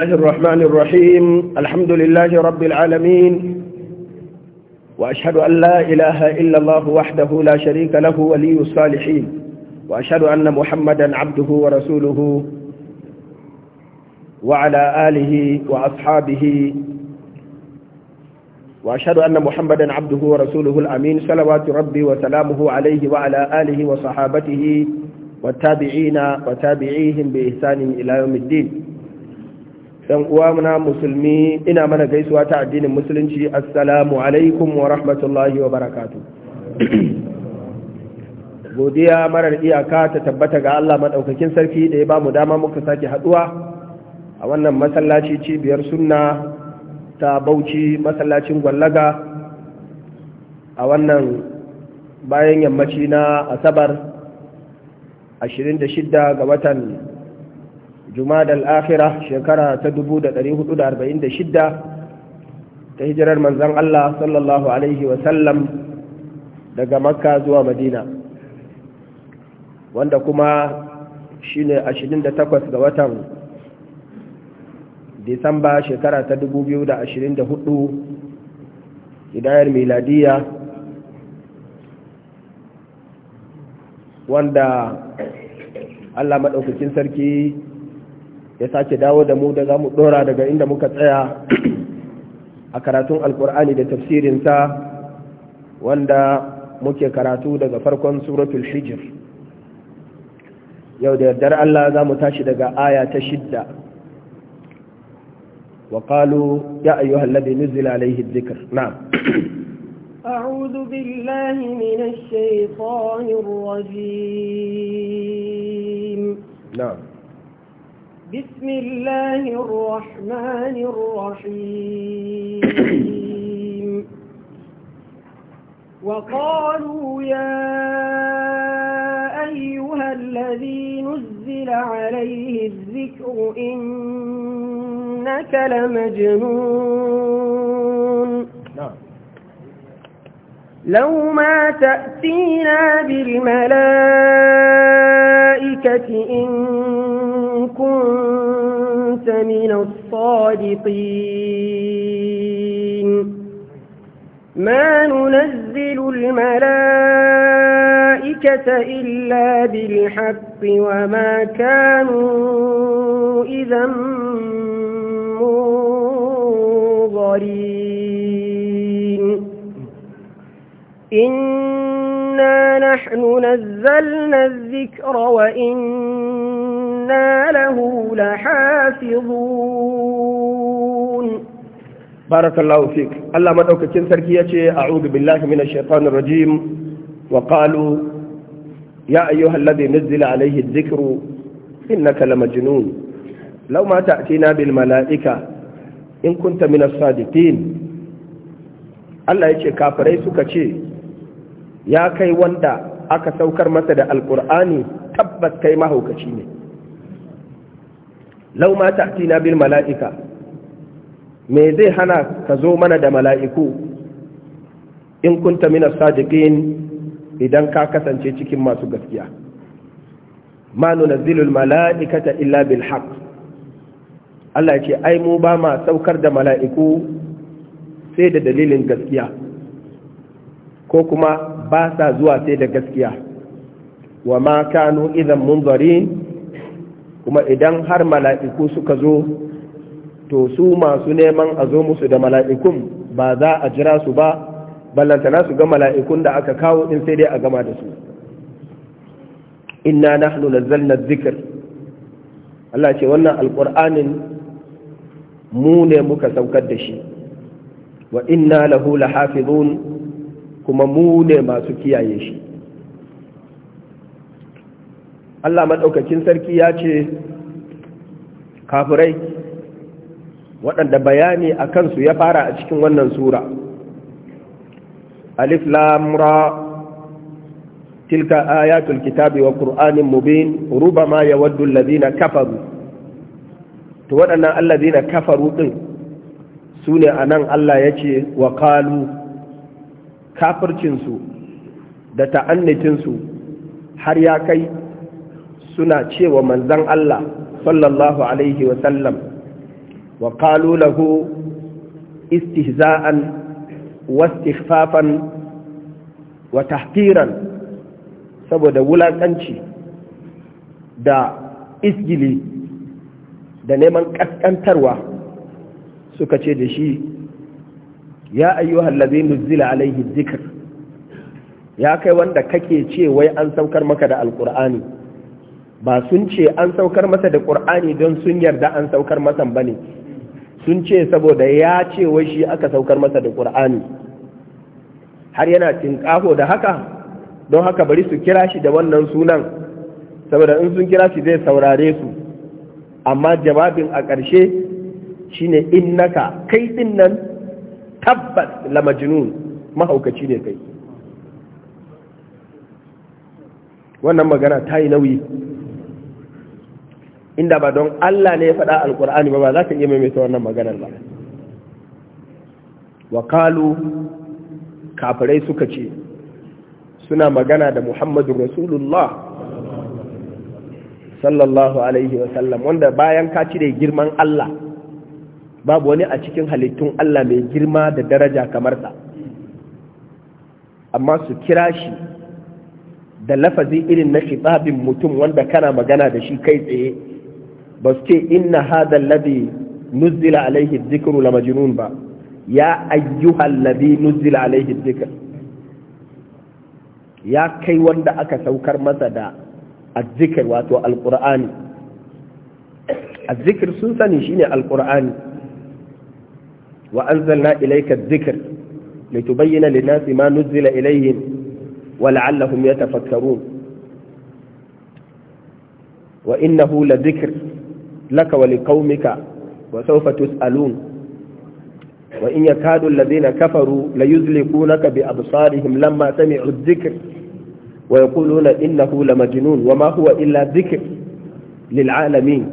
الله الرحمن الرحيم الحمد لله رب العالمين وأشهد أن لا إله إلا الله وحده لا شريك له ولي الصالحين وأشهد أن محمدا عبده ورسوله وعلى آله وأصحابه وأشهد أن محمدا عبده ورسوله الأمين صلوات ربي وسلامه عليه وعلى آله وصحابته والتابعين وتابعيهم بإحسان إلى يوم الدين dan uwa na musulmi ina mana gaisuwa ta addinin musulunci assalamu alaikum wa rahmatullahi wa barakatu godiya marar iyaka ta tabbata ga Allah madaukakin sarki da ya bamu dama muka sake haduwa a wannan masallaci cibiyar sunna ta Bauchi masallacin Gwallaga a wannan bayan yammaci na Asabar 26 ga watan jumadal akhira shekara ta 1446 ta hijirar manzan Allah sallallahu alaihi wasallam daga makka zuwa madina wanda kuma shi ne 28 ga watan disamba shekara ta 2024 hidayar miladiya wanda Allah maɗaukacin sarki ya sake dawo da mu da za mu ɗora daga inda muka tsaya a karatun alkur'ani da tafsirinsa wanda muke karatu daga farkon suratul hijir yau da yardar Allah za mu tashi daga aya ta shidda wa kalu ya ayyu ladhi nuzila alayhi dhikr na أعوذ بالله من الشيطان الرجيم نعم بسم الله الرحمن الرحيم وقالوا يا أيها الذي نزل عليه الذكر إنك لمجنون نعم. لو ما تأتينا بالملائكة إن كنت من الصادقين ما ننزل الملائكة إلا بالحق وما كانوا إذا منظرين إنا نحن نزلنا الذكر وإنا وإنا له لحافظون بارك الله فيك الله ما دوك كن سركي أعوذ بالله من الشيطان الرجيم وقالوا يا أيها الذي نزل عليه الذكر إنك لمجنون لو ما تأتينا بالملائكة إن كنت من الصادقين Allah ya ce kafirai suka ce ya kai wanda aka saukar masa da alkur'ani tabbas kai mahaukaci ne lau ma ta'tina bil mala'ika me zai hana ka zo mana da mala'iku in kun kunta mina sadiqin idan ka kasance cikin masu gaskiya ma nunazzilul mala'ikata illa bil haqq Allah ce ai mu ba ma saukar da mala'iku sai da dalilin gaskiya ko kuma ba sa zuwa sai da gaskiya wa ma kanu idan munzarin kuma idan har mala'iku suka zo to su masu neman a zo musu da mala'ikun ba za a jira su ba ballantana su ga mala'ikun da aka kawo din sai dai a gama da su inna nahnu na zikir. Allah ce wannan alqur'anin mu ne muka saukar da shi wa inna lahu lahafizun kuma mu ne masu kiyaye shi Allah maɗaukakin sarki ya ce kafirai waɗanda bayani a kansu ya fara a cikin wannan sura alif Lamura tilka ayatul kitabi wa qur'anin mubin rubama yawaddu alladhina kafaru to waɗannan alladhina kafaru din sune anan Allah yace wa qalu kafircin da ta'annitin har ya kai suna cewa manzan Allah sallallahu alaihi wasallam wa qalu lahu istihza'an wastighfafan wa tahqiran saboda wulakanci da isgili da neman kaskantarwa suka ce da shi ya ayyuhal ladhi nuzila alaihi dhikr ya kai wanda kake ce wai an saukar maka da alqur'ani ba sun ce an saukar masa da ƙur'ani don sun yarda an saukar masa ba ne sun ce saboda ya ce wai shi aka saukar masa da ƙur'ani har yana tinƙaho da haka don haka bari su kira shi da wannan sunan saboda in sun kira shi zai saurare su amma jawabin a ƙarshe shi ne shine naka kai ɗin nan tabbas lamajinun mahaukaci ne kai wannan magana ta yi nauyi inda ba don Allah ne ya faɗa Alƙur'ani ba ba za ta iya maimaita wannan maganar ba wa kalu kafirai suka ce suna magana da muhammadu rasulullah sallallahu alaihi wasallam wanda bayan ka cire girman Allah babu wani a cikin halittun Allah mai girma da daraja kamar ta, amma su kira shi da lafazi irin na shi mutum wanda kana magana da shi kai tsaye ba su ce inna hada alladhi nuzila alaihi dhikru la majnun ba ya ayyuha alladhi nuzila alaihi dhikr ya kai wanda aka saukar masa da azzikr wato alqur'ani azzikr sun sani shine alqur'ani wa anzalna ilayka adh-dhikr litubayyana lin-nasi ma nuzila ilayhim wa la'allahum yatafakkarun wa innahu la dhikr laka wa liqaumika wa sawfa tus'alun wa in yakadu alladhina kafaru la yuzliqunaka bi absarihim lamma sami'u adh-dhikr wa yaquluna innahu lamajnun wa ma huwa illa dhikr lil alamin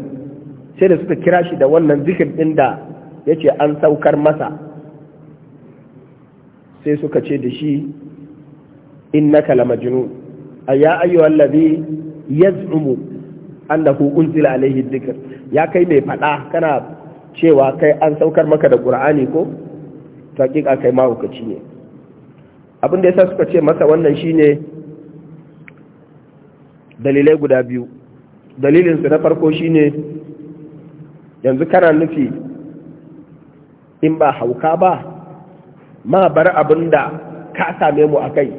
sai da suka kira shi da wannan zikir din da yace an saukar masa sai suka ce da shi innaka lamajnun ayya ayyuhal ladhi yaz'umu annahu unzila alayhi dhikr ya kai mai faɗa kana cewa kai an saukar maka da ƙur'ani ko to hakika kai mahaukaci ne abin da yasa suka ce masa wannan shine dalilai guda biyu dalilinsu na farko shine yanzu kana nufi in ba hauka ba ma bar abin da ka same mu akai, kai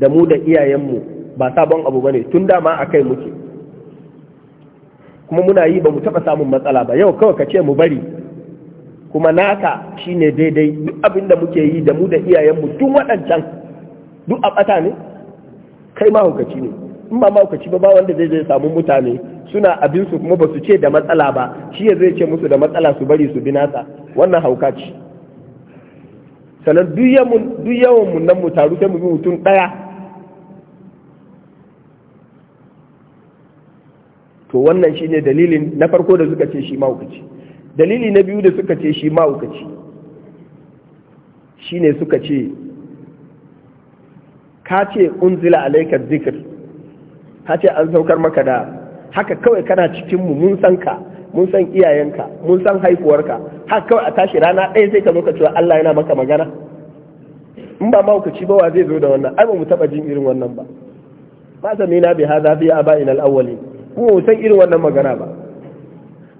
da mu da iyayenmu ba sabon abu ba ne tun dama a kai muke kuma muna yi ba mu taɓa samun matsala ba yau kawai ka ce mu bari kuma naka shine daidai duk abin da muke yi da mu da iyayenmu tun waɗancan duk a ɓata ne kai mahaukaci ne in ba mahaukaci ba ba wanda zai zai samu mutane suna abin su kuma ba su ce da matsala ba shi ya zai ce musu da matsala su bari su bi nasa wannan hauka ce sannan duk yawan mu nan mu taru sai mu bi mutum ɗaya to wannan shi ne dalilin na farko da suka ce shi mawukaci. dalili na biyu da suka ce shi shi ne suka ce ka ce unzila alaikar zikir ka ce an saukar maka da haka kawai kana cikinmu mun san ka mun san iyayenka mun san haifuwarka haka kawai a tashi rana ɗaya sai ka zo ka cewa Allah yana maka magana in ba mawukaci ba wa zai zo da wannan ai ba mu taɓa jin irin wannan ba sami samina bi haza fi a ba'in awwalin kuma san irin wannan magana ba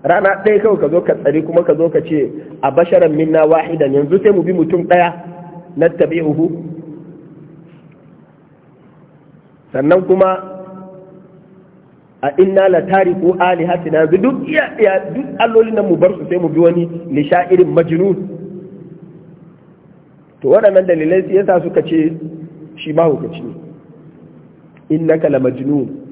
rana ɗaya kawai ka zo ka tsari kuma ka zo ka ce a basharan minna wahidan yanzu sai mu bi mutum ɗaya na tabi'uhu sannan kuma a inna la tariku alihatina yanzu duk iya duk allolin nan mu bar su sai mu bi wani nisha'irin majnun to waɗannan dalilai su yasa suka ce shi ma hukaci ne innaka la majnun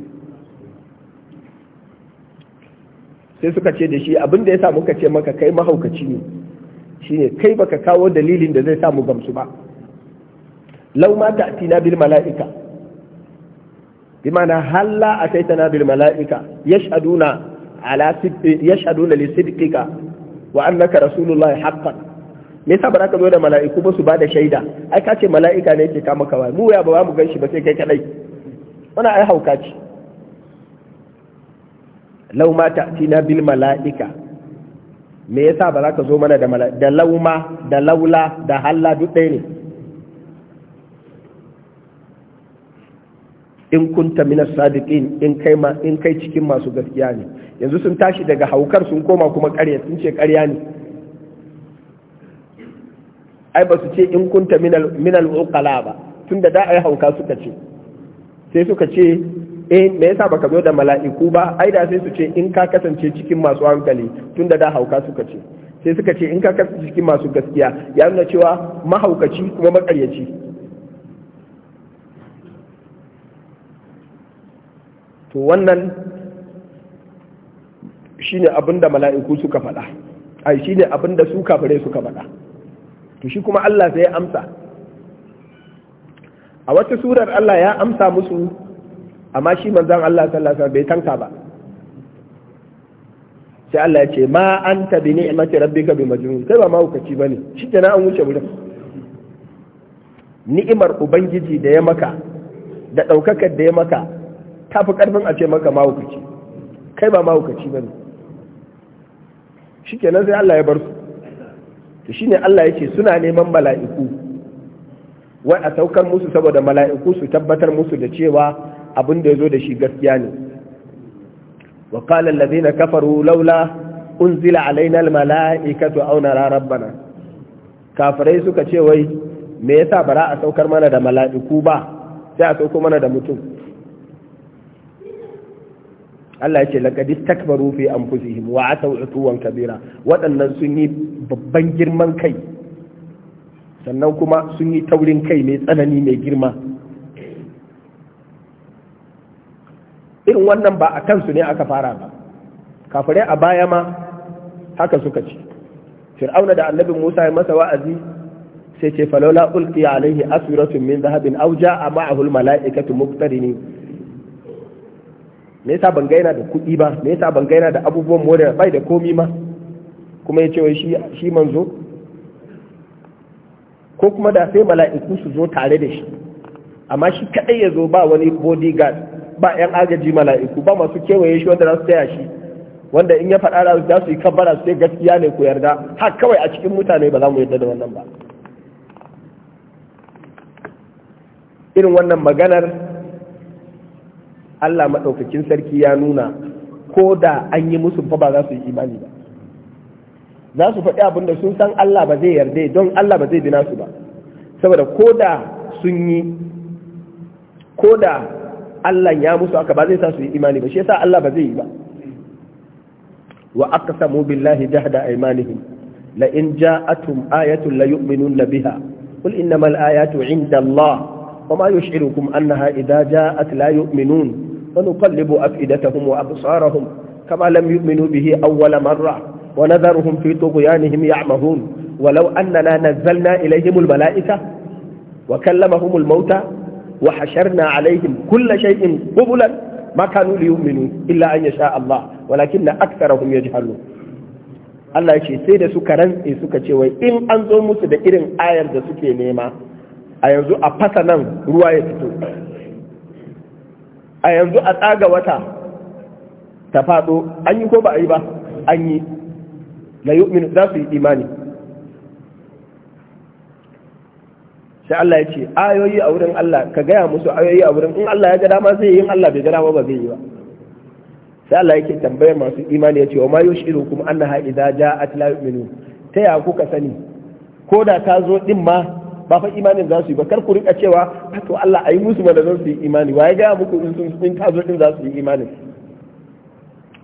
sai suka ce da shi abin da ya sa muka ce maka kai mahaukaci ne shi ne kai baka kawo dalilin da zai sa mu gamsu ba lau ma na bil mala'ika bimana halla na bil mala'ika yashhaduna ala yashhaduna li sidqika wa annaka rasulullahi haqqan me yasa baraka zo da mala'iku ba su ba da shaida ai ka ce mala'ika ne yake kama kawai mu ya ba mu ganshi ba sai kai kadai wannan ai hauka ce lauma ta tina bil mala'ika me yasa ba za ka zo mana da mala'ika da lauma da laula da halla duk ɗaya ne in kunta minas sadiqin in kai ma in kai cikin masu gaskiya ne yanzu sun tashi daga haukar sun koma kuma ƙarya sun ce ƙarya ne ai ba su ce in kunta minal minal uqala ba tunda da ai hauka suka ce sai suka ce eh me yasa baka zo da mala'iku ba ai da sai su ce in ka kasance cikin masu hankali tunda da hauka suka ce sai suka ce in ka kasance cikin masu gaskiya ya nuna cewa mahaukaci kuma makaryaci to wannan shine abin da mala'iku suka faɗa ai shine abin da su kafirai suka faɗa to shi kuma Allah sai ya amsa a wata surar Allah ya amsa musu amma shi manzan Allah sallallahu alaihi wasallam bai tanka ba sai Allah ya ce ma anta bi ni'mati rabbika bi majnun kai ba hukaci bane shikenan an wuce wurin ni'imar ubangiji da ya maka da daukakar da ya maka ta fi karfin a ce maka hukaci kai ba hukaci bane shi kenan sai Allah ya bar su to shine Allah ya ce suna neman mala'iku wa a saukar musu saboda mala'iku su tabbatar musu da cewa abin da ya zo da shi gaskiya ne wa qala na kafar laula unzila alaina almalaikatu aw nara rabbana kafirai suka ce wai me yasa bara a saukar mana da mala'iku ba sai a sauko mana da mutum Allah ya ce laqad takbaru fi anfusihim wa ataw utuwan kabira waɗannan sun yi babban girman kai sannan kuma sun yi taurin kai mai tsanani mai girma irin wannan ba a kansu ne aka fara ba kafirai a baya ma haka suka ce fir'auna da annabi musa ya masa wa'azi sai ce falola ulqiya alaihi aswiratun min zahabin aw ja'a ma'ahu almala'ikatu muqtarini me yasa ban gaina da kuɗi ba me yasa ban gaina da abubuwan more bai da komi ma kuma ya ce wai shi shi manzo ko kuma da sai mala'iku su zo tare da shi amma shi kadai ya zo ba wani bodyguard ba yan agaji mala'iku ba masu kewaye shi wanda za su taya shi wanda in ya faɗa za su yi kabbara su gaskiya ne ku yarda har kawai a cikin mutane ba za mu yarda da wannan ba irin wannan maganar Allah maɗaukakin sarki ya nuna ko da an yi musu fa ba za su yi imani ba za su faɗi abin da sun san Allah ba zai yarda don Allah ba zai bina su ba saboda ko da sun yi ko da Allah ya musu aka ba zai sa su yi imani ba shi yasa Allah ba zai yi ba wa aqsamu billahi jahda aymanihim la in ja'atum ayatun la yu'minuna biha qul innamal ayatu 'inda Allah wa ma yush'irukum annaha idza ja'at la yu'minun wa nuqallibu afidatahum wa absarahum kama lam yu'minu bihi awwala marra wa nadharuhum fi tughyanihim ya'mahun ولو أننا نزلنا إليهم الملائكة وكلمهم الموتى وحشرنا عليهم كل شيء قبلا ما كانوا ليؤمنوا إلا illa an yasha Allah أكثرهم يجهلون Allah ce sai da suka rantse suka ce wai in an zo musu da irin ayar da suke nema a yanzu a fasa nan ruwa ya fito a yanzu a tsaga wata ta faɗo an yi ko ba a yi ba an yi la yu'minu za su yi imani sai Allah ya ce ayoyi a wurin Allah ka gaya musu ayoyi a wurin in Allah ya ga ma zai yi in Allah bai gada dama ba zai yi ba sai Allah yake tambayar masu imani ya ce wa ma yushirukum annaha idza ja'at la yu'minun ta ya kuka sani ko da ta zo din ma ba fa imanin za su yi ba kar ku rika cewa to Allah ayi musu da zan su yi imani waye ga muku in sun sun ta zo din za su yi imani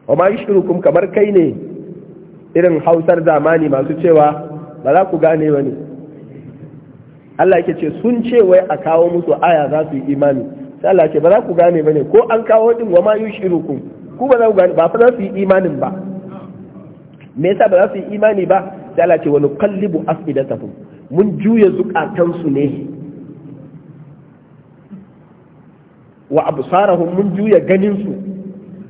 wa ma kuma kamar kai ne irin hausar zamani masu cewa ba za ku gane ba ne Allah yake ce sun ce wai a kawo musu aya za su yi imani sai Allah yake ba za ku gane bane ko an kawo din wa ma yushirukum ku ba za ku gane ba fa za su yi imanin ba me yasa ba za su yi imani ba sai Allah yake wa nuqallibu asbidatakum mun juya zukatansu ne wa absarahum mun juya ganin su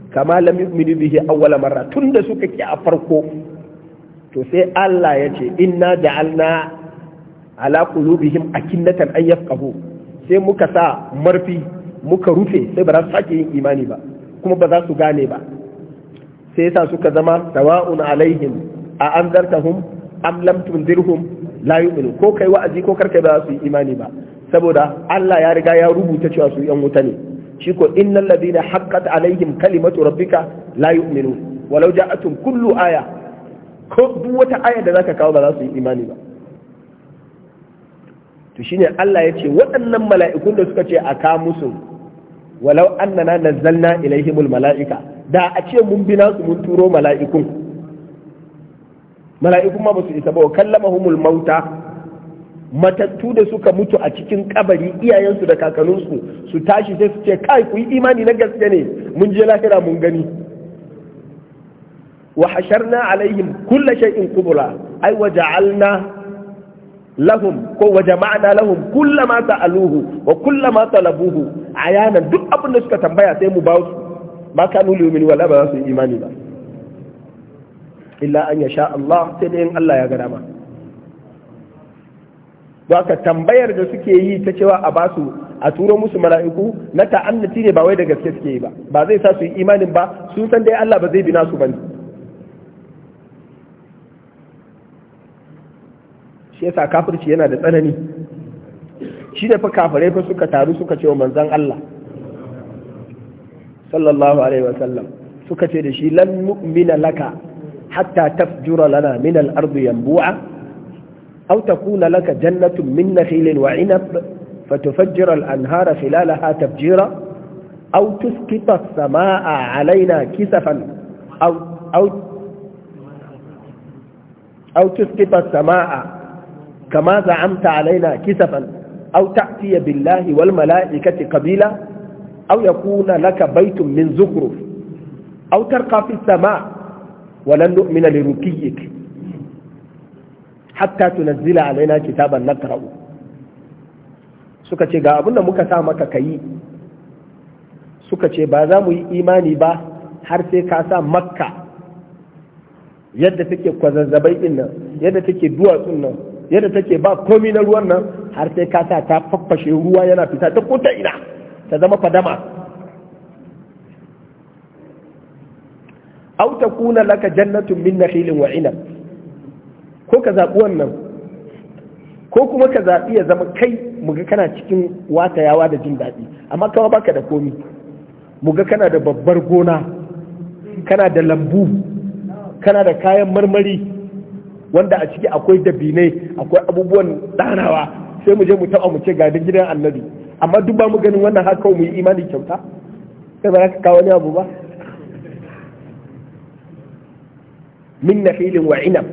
kama lam yu'minu bihi awwala marra tunda suka ki a farko to sai Allah ya ce inna ja'alna ala qulubihim akinnatan an yafqahu sai muka sa marfi muka rufe sai ba za su sake yin imani ba kuma ba za su gane ba sai yasa suka zama sawa'un alaihim a anzartahum am lam tunzirhum la yu'minu ko kai wa'azi ko karkai ba za su yi imani ba saboda Allah ya riga ya rubuta cewa su yan wuta ne shi ko innal ladina haqqat alaihim kalimatu rabbika la yu'minu walau ja'atun kullu aya ko duk wata aya da zaka kawo ba za su yi imani ba to shine Allah ya ce waɗannan mala'ikun da suka ce a ka musu walau annana nazzalna ilaihimul mala'ika da a ce mun bi nasu mun turo mala'ikun mala'ikun ma ba su isa ba wa kallamahumul mauta matattu da suka mutu a cikin kabari iyayensu da kakanninsu su tashi sai su ce kai ku yi imani na gaske ne mun je lahira mun gani wa hasharna alaihim kulla shay'in qubula ai wa ja'alna lahum ko wa jama'ana lahum kullama sa'aluhu wa kullama talabuhu ayana duk abin da suka tambaya sai mu ba su ba kanu wala ba su imani ba illa an yasha Allah sai dai in Allah ya ga Ba ka tambayar da suke yi ta cewa a ba su a turo musu mala'iku na ta'annati ne ba wai da gaske suke yi ba ba zai sa su yi imanin ba sun san dai Allah ba zai bi nasu bane shi yasa kafirci yana da tsanani shi da fa kafirai fa suka taru suka ce wa manzon Allah sallallahu alaihi wa sallam suka ce da shi lan nu'mina laka hatta tafjura lana min al-ardi yanbu'a aw takuna laka jannatun min nakhilin wa 'inab فتفجر الأنهار خلالها تفجيرا أو تسقط السماء علينا كسفا أو, أو, أو تسقط السماء kama amsa alaina kisafan aw ta'tiya billahi wal mala'ikati qabila aw yakuna laka baitun min zukhruf aw tarqa fi sama wa lan nu'mina lirukiyyik hatta tunazzila alaina kitaban nakra'u suka ce ga abin muka sa maka kayi suka ce ba za mu yi imani ba har sai ka sa makka yadda take kwazazzabai din nan yadda take duwatsun nan yadda take ba komi na ruwan nan har sai ka sa ta faffashe ruwa yana fita ta kota ina ta zama fadama Auta takuna laka jannatun min nakhilin wa inab ko ka zaɓi wannan ko kuma ka zaɓi ya zama kai muga kana cikin watayawa da jin daɗi amma kama baka da komi muga kana da babbar gona kana da lambu kana da kayan marmari wanda a ciki akwai dabinai akwai abubuwan danawa. sai mu je mu taɓa mu ce ga da gidan annabi amma duk ba mu ganin wannan har kawai mu yi imani kyauta Sai ba za ka kawo wani abu ba min nakhilin wa inab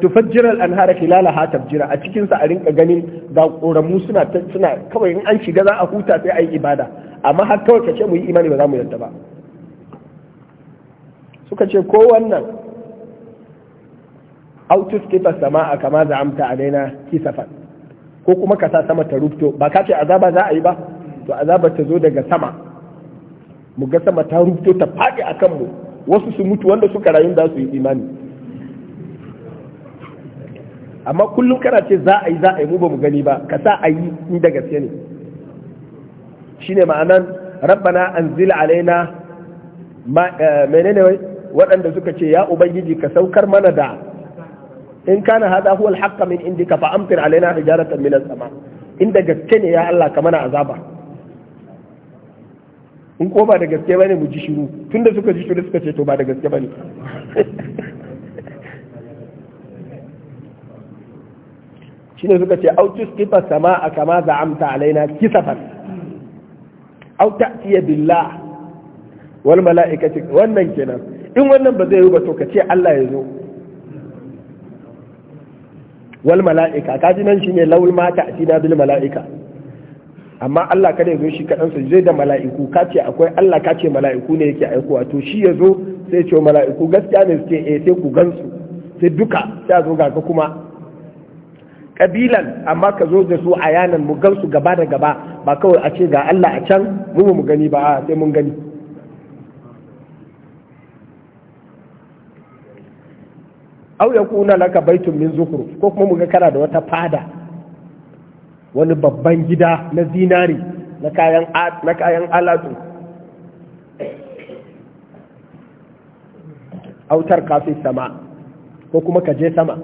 tufajjir al-anhara ha tabjira a cikin sa a rinka ganin ga koramu suna suna kawai in an shiga za a huta sai a yi ibada amma har kawai ce mu yi imani ba za mu yarda ba suka ce ko wannan aw tusqita samaa kama za'amta alaina kisafan ko kuma ka sa sama ta rubto ba ka ce azaba za a yi ba to azaba ta zo daga sama mu ga sama ta rubto ta faɗi a kanmu wasu su mutu wanda suka rayu za su yi imani amma kullum kana ce za a yi za a yi mu ba mu gani ba ka sa a yi in da gaske ne shine ma'anan rabbana anzil alaina eh, menene wai? waɗanda suka ce ya ubangiji ka saukar mana da in kana hada huwa alhaqqa min indika fa amtir alaina hijaratan min as-sama in da gaske ne ya Allah kamar azaba in ko ba da gaske bane mu ji shiru tunda suka ji shiru suka ce to ba da gaske bane shine suka ce au sama a kama amta alaina kisafan au ta'tiya billah wal mala'ikati wannan kenan in wannan ba zai yi ba to ka ce Allah ya zo wal mala'ika kaji nan shine lawul mata cina bil mala'ika amma Allah kada ya zo shi kadan su zai da mala'iku ka ce akwai Allah ka ce mala'iku ne yake aikowa to shi ya zo sai ce mala'iku gaskiya ne suke eh sai ku gansu sai duka sai a zo ga ka kuma kabilan amma ka zo da su a yanan mu gansu gaba da gaba ba kawai a ce ga Allah a can mu mu gani ba sai mun gani au ya kuna laka baitun min zukuru ko kuma muga kana da wata fada wani babban gida na zinari na kayan alatu autar kafin sama ko kuma ka je sama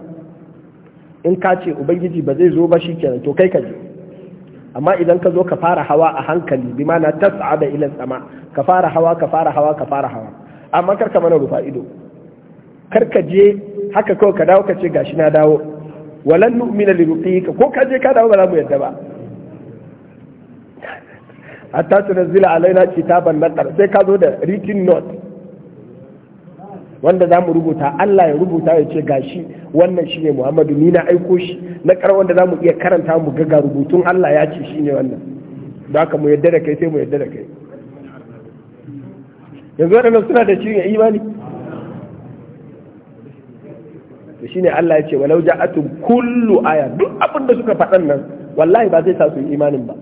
in ka ce ubangiji ba zai zo ba shi kenan to kai ka je amma idan ka zo ka fara hawa a hankali bi mana tas'ada ila sama ka fara hawa ka fara hawa ka fara hawa amma kar ka mana rufa ido kar ka je haka kawai ka dawo ka ce gashi na dawo walan nu'mina li ruqika ko ka je ka dawo ba za mu yadda ba hatta tunazzila alaina kitaban nakar sai ka zo da written note wanda za mu rubuta Allah ya rubuta ya ce gashi wannan shine Muhammadu ni na aiko shi na kar wanda za mu iya karanta mu ga rubutun Allah ya ce shine wannan da haka mu yadda da kai sai mu yadda da kai yanzu waɗannan suna da shirin imani to shine Allah ya ce walau ja'atun kullu aya duk abin da suka faɗan nan wallahi ba zai sa su imanin ba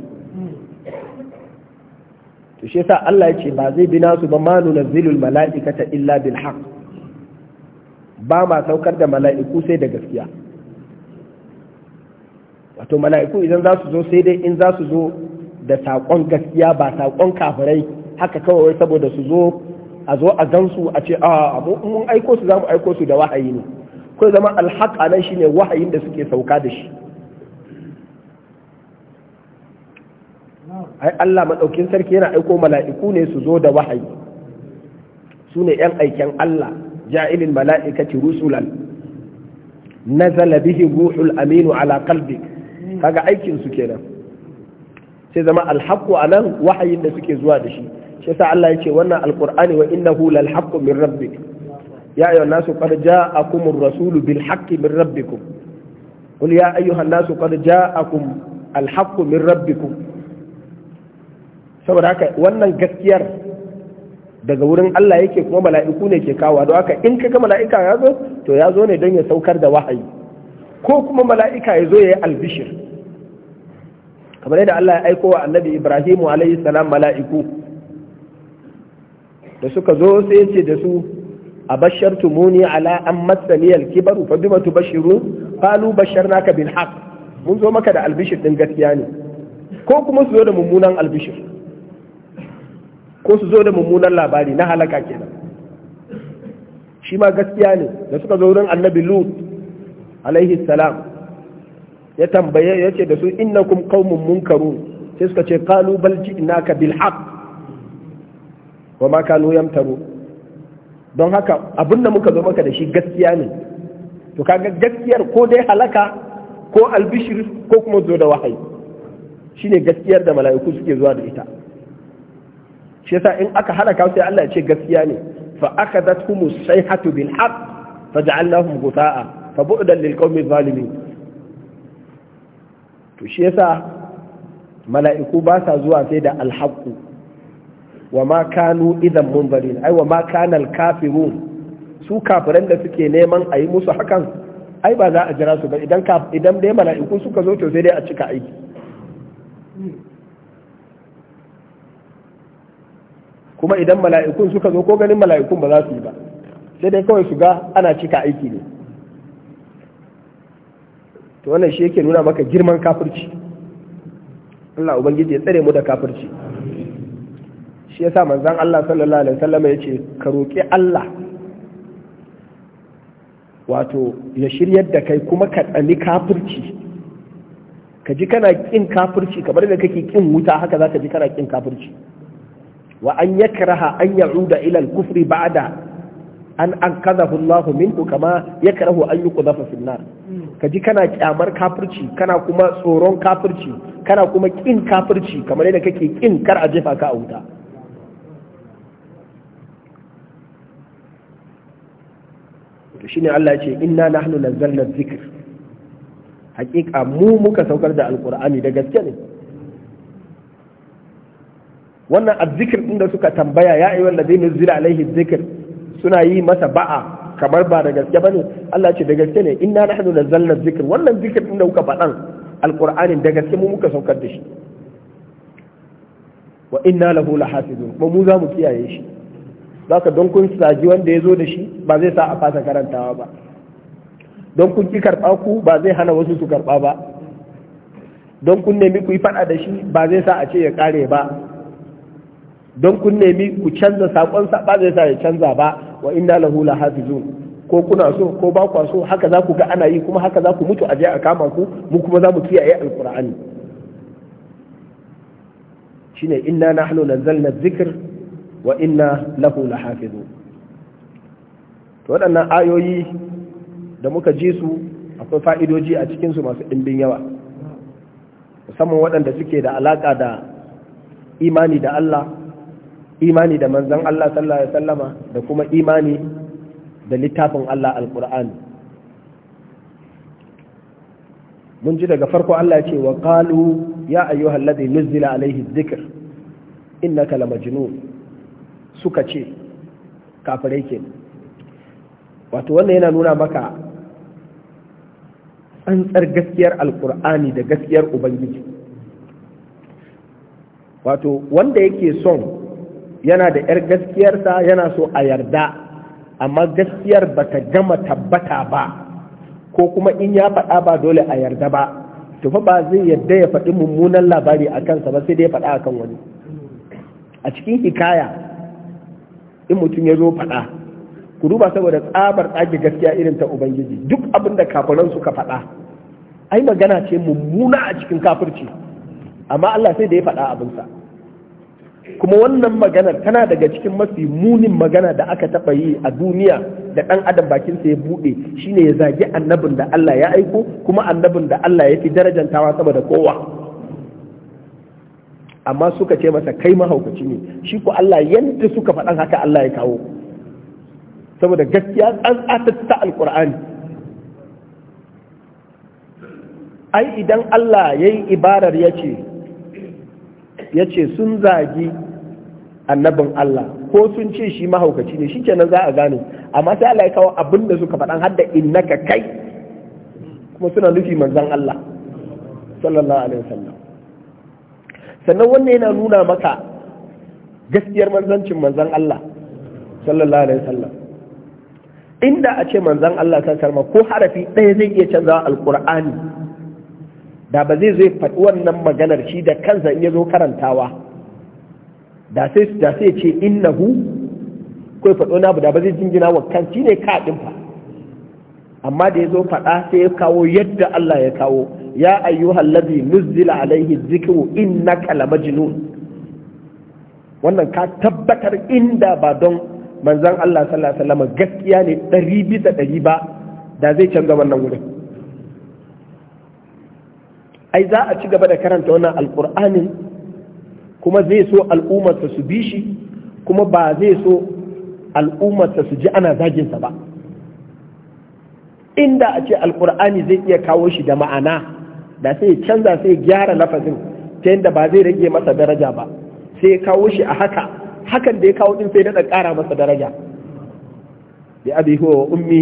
to shi yasa Allah yace ce ba zai bi nasu ba ma nunazzilul mala'ikata illa bil haqq ba ma saukar da mala'iku sai da gaskiya wato mala'iku idan za su zo sai dai in za su zo da saƙon gaskiya ba saƙon kafirai haka kawai saboda su zo a zo a gansu a ce a ah, mun aiko su za mu aiko su da wahayi ne ko zama alhaq a nan shine wahayin da suke sauka da shi ai Allah maɗaukin sarki yana aiko mala'iku ne su zo da wahayi su ne yan aiken Allah ja'ilil mala'ikati rusulan nazala bihi ruhul aminu ala qalbi kaga aikin su kenan sai zama a anan wahayin da suke zuwa da shi shi yasa Allah ya ce wannan alqur'ani wa innahu lalhaqqu min rabbik يا أيها الناس قد جاءكم الرسول بالحق من ربكم قل يا أيها الناس قد جاءكم الحق من ربكم saboda haka wannan gaskiyar daga wurin Allah yake kuma mala'iku ne ke kawo don haka in kaga mala'ika ya zo to ya zo ne don ya saukar da wahayi ko kuma mala'ika ya zo ya yi albishir kamar yadda Allah ya aiko wa annabi Ibrahimu alaihi salam mala'iku da suka zo sai ya ce da su abashartumuni ala an massani al-kibar fa bima tubashirun qalu basharnaka bil haqq mun zo maka da albishir din gaskiya ne ko kuma su zo da mummunan albishir ko su zo da mummunan labari na halaka kenan shi ma gaskiya ne da suka zo wurin annabi lut alaihi salam ya tambaye ya ce da su innakum qaumun munkarun sai suka ce qalu bal ji'naka bil haqq wa ma kanu yamtaru don haka abin da muka zo maka da shi gaskiya ne to kaga gaskiyar ko dai halaka ko albishir ko kuma zo da wahayi shine gaskiyar da mala'iku suke zuwa da ita shi yasa in aka halaka sai Allah ya ce gaskiya ne fa akadathum sayhatu bil haqq faj'alnahum ghutaa fa bu'dan lil qawmi zalimin to shi yasa mala'iku ba sa zuwa sai da alhaqqu wa ma kanu idan munzarin ai wa ma kanal kafirun su kafiran da suke neman a yi musu hakan ai ba za a jira su ba idan idan dai mala'iku suka zo to sai dai a cika aiki kuma idan mala'ikun suka zo ko ganin mala'ikun ba za su yi ba sai dai kawai su ga ana cika aiki ne to wannan shi yake nuna maka girman kafirci Allah ubangiji ya tsare mu da kafirci shi yasa manzan Allah sallallahu alaihi ya yace ka roƙi Allah wato ya shiryar da kai kuma ka ɗani kafirci ka ji kana ƙin kafirci kamar da kake ƙin wuta haka ka ji kana ƙin kafirci wa an karaha an ya ruda ilal kufri ba'da an an anqadhahu Allah minhu kama ya yakrahu an yi fi an-nar ka ji kana kyamar kafirci kana kuma tsoron kafirci kana kuma ƙin kafirci kamar da kake ƙin kar a jefa ka a wuta to shine Allah ya ce inna nahnu nazzalna dhikr hakika mu muka saukar da alqur'ani da gaske ne wannan azzikir din da suka tambaya ya ayyuhal ladina zila alaihi dhikr suna yi masa ba'a kamar ba da gaske bane Allah ce da gaske ne inna nahnu nazzalna dhikr wannan dhikr din da kuka faɗan alqur'anin da gaske mu muka saukar da shi wa inna lahu lahafizun kuma mu za mu kiyaye shi za ka don kun saji wanda ya zo da shi ba zai sa a fasa karantawa ba don kun ki karɓa ku ba zai hana wasu su karɓa ba don kun nemi ku yi faɗa da shi ba zai sa a ce ya kare ba don kun nemi ku canza saƙonsa ba zai sa ya canza ba wa inna lahu hafizun ko kuna so ko ba kwa so haka za ku ga ana yi kuma haka za ku mutu a je a kama ku mu kuma za mu kiyaye alkur'ani shine inna nahnu nazzalna dhikr wa inna lahu hafizu to waɗannan ayoyi da muka ji su akwai fa'idoji a cikinsu masu ɗimbin yawa musamman waɗanda suke da alaƙa da imani da Allah imani da manzan Allah sallallahu alaihi wasallama da kuma imani da littafin Allah alƙur'ani mun ji daga farko Allah ce wa qalu ya ayyuhal ladhi nuzila alaihi dhikr innaka lamajnun suka ce kafirai ke wato wannan yana nuna maka tsantsar gaskiyar alkur'ani da gaskiyar ubangiji wato wanda yake son yana da 'yar gaskiyarsa yana so a yarda amma gaskiyar ba ta gama tabbata ba ko kuma in ya faɗa ba dole a yarda ba tufa ba zai yadda ya faɗi mummunan labari a kansa ba sai dai ya faɗa a kan wani a cikin hikaya in mutum ya zo faɗa ku duba saboda tsabar ɗage gaskiya irin ta ubangiji duk abin da kafiran suka faɗa ai magana ce mummuna a cikin kafirci amma Allah sai da ya faɗa abinsa kuma wannan maganar tana daga cikin mafi munin magana da aka taɓa yi a duniya da ɗan adam bakinsa ya buɗe shine ya zagi annabin da Allah ya aiko kuma annabin da Allah ya fi darajantawa saboda kowa amma suka ce masa kai mahaukaci ne shi ko Allah yanda suka faɗan haka Allah ya kawo saboda gaskiya tsantsata ta alkur'ani ai idan Allah ya yi ibarar ya ce sun zagi annabin Allah ko sun ce shi mahaukaci ne shi shikenan za a gane amma sai Allah ya kawo abin da suka faɗan har da innaka kai kuma suna nufi manzon Allah sallallahu alaihi wasallam sannan wannan yana nuna maka gaskiyar manzancin manzan Allah sallallahu alaihi wasallam inda a ce manzan Allah sallallahu ko harafi ɗaya zai iya canzawa alqur'ani da ba zai zai faɗi wannan maganar shi da kansa in ya zo karantawa da sai da sai ce innahu ko faɗo na da ba zai jingina wa kan shi ne kaɗin fa amma da ya zo faɗa sai ya kawo yadda Allah ya kawo ya ayyuhal ladhi nuzila alaihi dhikru innaka lamajnun wannan ka tabbatar inda ba don manzon Allah sallallahu alaihi wasallam gaskiya ne ɗari bisa ɗari ba da zai canza wannan wurin ai za a ci gaba da karanta wannan alqur'anin kuma zai so al'ummarsa su bi shi kuma ba zai so al'ummarsa su ji ana zaginsa ba inda a ce alkur'ani zai iya kawo shi da ma'ana da sai ya canza sai gyara lafazin ta yadda ba zai rage masa daraja ba sai ya kawo shi a haka hakan da ya kawo din sai daɗa ƙara masa daraja bi abi huwa wa ummi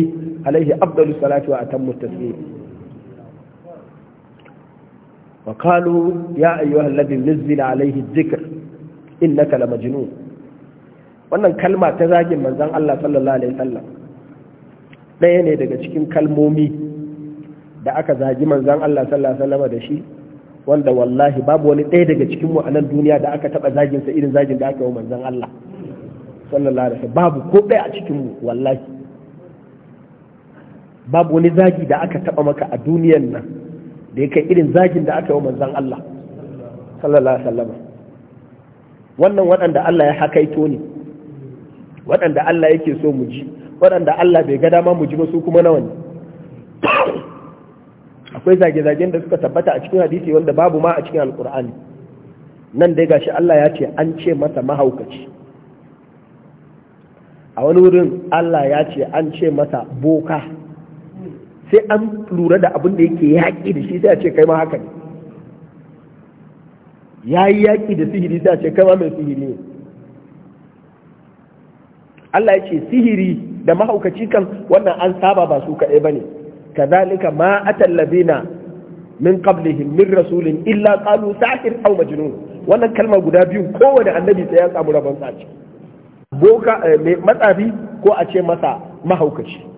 alaihi afdalu salatu wa atammu taslim wa qalu ya ayyuha alladhi nuzila alaihi dhikr innaka majnun wannan kalma ta zagin manzon Allah sallallahu alaihi wasallam Daya ne daga cikin kalmomi da aka zagi manzan Allah sallallahu alaihi wasallam da shi wanda wallahi babu wani ɗaya daga cikin mu a nan duniya da aka taɓa zagin sa irin zagin da aka yi manzan Allah sallallahu alaihi wasallam babu ko ɗaya a cikin mu wallahi babu wani zagi da aka taɓa maka a duniyan nan da yake irin zagin da aka yi manzan Allah sallallahu alaihi wasallam wannan waɗanda Allah ya hakaito ne waɗanda Allah yake so mu ji waɗanda Allah bai ga dama mu ji ba su kuma nawa ne akwai zage-zagen da suka tabbata a cikin hadisi wanda babu ma a cikin alkur'ani nan dai gashi Allah ya ce an ce masa mahaukaci a wani wurin Allah ya ce an ce masa boka sai an lura da abin da yake yaƙi da shi sai a ce kai ma haka ne ya yi yaƙi da sihiri sai a ce kai ma mai sihiri ne Allah ya ce sihiri da mahaukaci kan wannan an saba ba su kaɗai ba ne kadhalika ma atal ladina min qablihim min rasulin illa qalu sahir aw majnun wannan kalma guda biyu kowane annabi sai ya samu rabon sace boka mai matsafi ko a ce masa mahaukaci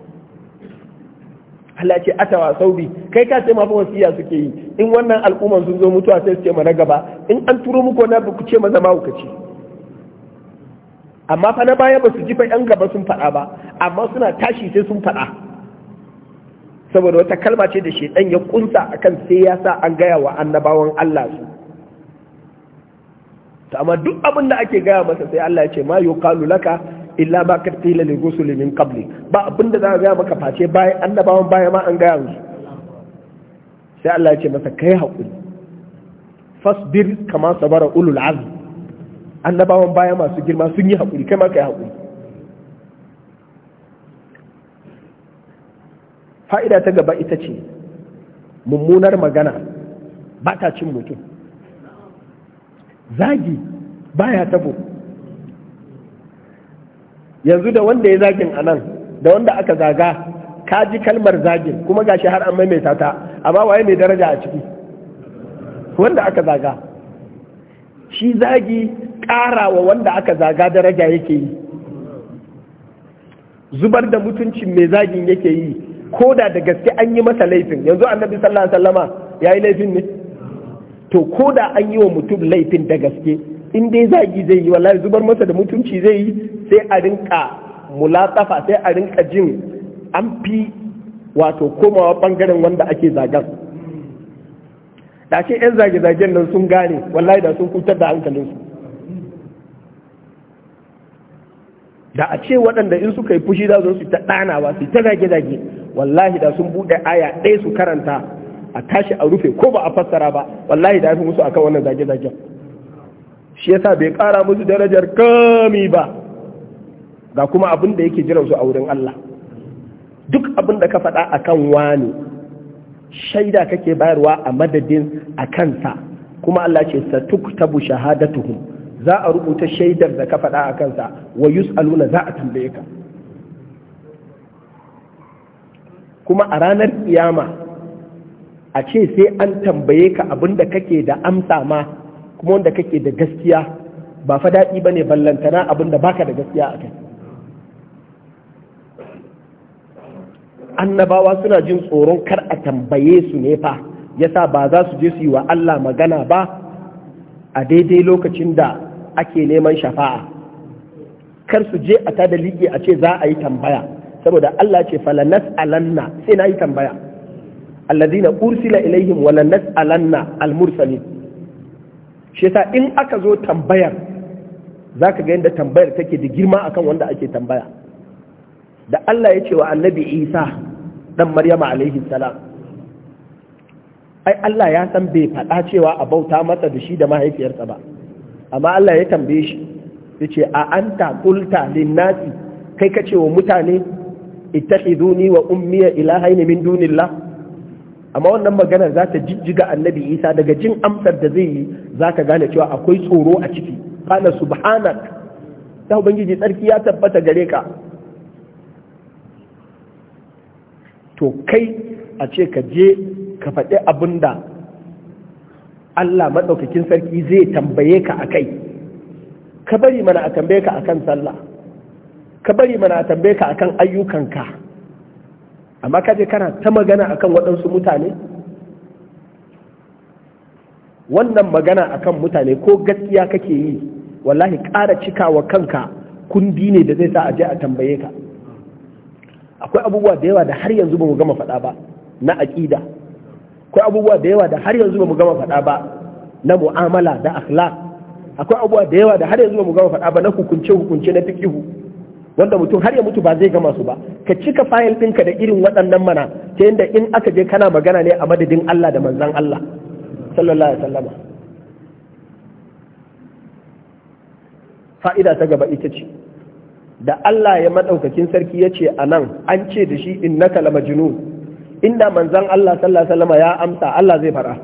Allah ce atawa saubi kai ka ce ma fa wasiya suke yi in wannan al'umman sun zo mutuwa sai su ce na gaba in an turo muku na ku ce maza mahaukaci amma fa na baya ba su ji fa yan gaba sun faɗa ba amma suna tashi sai sun faɗa saboda wata kalma ce da shaidan ya kunsa akan sai ya sa an gaya wa annabawan Allah su Ta amma duk abin da ake gaya masa sai Allah ya ce ma yuqalu laka illa ma qatila li rusuli min qabli ba abin da za a gaya maka face bayan annabawan baya ma an gaya musu sai Allah ya ce masa kai hakuri fasbir kama sabara ulul azm annabawan baya masu girma sun yi hakuri kai ma kai hakuri fa'ida ta gaba ita ce mummunar magana ba ta cin mutum zagi ba ya tabo yanzu da wanda ya zagin a nan da wanda aka zaga ka ji kalmar zagin kuma gashi har an maimaita ta amma waye mai daraja a ciki wanda aka zaga shi zagi ƙara wa wanda aka zaga daraja yake yi zubar da mutuncin mai zagin yake yi ko da da gaske an yi masa laifin yanzu annabi sallallahu alaihi wasallama ya yi laifin ne to ko da an yi wa mutum laifin da gaske in dai zagi zai yi wallahi zubar masa da mutunci zai yi sai a rinka mulatsafa sai a rinka jin an fi wato komawa bangaren wanda ake zagar da ce 'yan zage-zagen nan sun gane wallahi da sun kutar da hankalinsu da a ce waɗanda in suka yi fushi za su ta ɗanawa su ta zage-zage wallahi da sun buɗe aya ɗaya su karanta a tashi a rufe ko ba a fassara ba wallahi da fi musu akan wannan zage-zage shi yasa bai ƙara musu darajar kami ba ga kuma abin da yake jiran su a wurin Allah duk abin da ka faɗa akan wani shaida kake bayarwa a madadin a kansa kuma Allah ce satuktabu shahadatuhum za a rubuta shaidar da ka faɗa a kansa wa yus'aluna za a tambaye ka kuma a ranar kiyama a ce sai an tambaye ka abin da kake da amsa ma kuma wanda kake da gaskiya ba fa daɗi ba ne ballantana abin da baka da gaskiya a kai annabawa suna jin tsoron kar a tambaye su ne fa yasa ba za su je su yi wa Allah magana ba a daidai lokacin da ake neman shafa'a kar su je a ta da liƙe a ce za a yi tambaya saboda Allah ce fala alanna sai na yi tambaya alladina ursila ilaihim wala alanna almursalin shi yasa in aka zo tambayar zaka ga yadda tambayar take da girma akan wanda ake tambaya da Allah ya ce wa annabi Isa dan Maryama alaihi salam ai Allah ya san bai faɗa cewa a bauta masa da shi da mahaifiyarsa ba amma Allah ya tambaye shi ya ce a anta qulta linnasi kai ka ce wa mutane ittakhiduni wa ummiya ne min dunillah amma wannan magana za ta jijjiga annabi Isa daga jin amsar da zai yi za ka gane cewa akwai tsoro a ciki qala subhanak ta ubangiji tsarki ya tabbata gare ka to kai a ce ka je ka faɗi abin da Allah maɗaukakin sarki zai tambaye ka a kai ka bari mana a tambaye ka a kan sallah ka bari mana a tambaye ka kan ayyukanka amma ka je kana ta magana a kan waɗansu mutane wannan magana a kan mutane ko gaskiya kake yi wallahi ƙara cikawa kanka kundi ne da zai sa a je a tambaye ka akwai abubuwa da yawa da har yanzu ba mu gama faɗa ba na aƙida akwai abubuwa da yawa da har yanzu ba mu gama faɗa ba na mu'amala da akhlaq akwai abubuwa da yawa da har yanzu ba mu gama faɗa ba na hukunce hukunce na fiqihu wanda mutum har ya mutu ba zai gama su ba ka cika fayil ɗinka da irin waɗannan mana ta yadda in aka je kana magana ne a madadin Allah da manzan Allah sallallahu alaihi wasallam fa'ida ta gaba ita ce da Allah ya madaukakin sarki ya ce a an ce da shi innaka lamajnun majnun inda manzan Allah sallallahu alaihi wasallam ya amsa Allah zai fara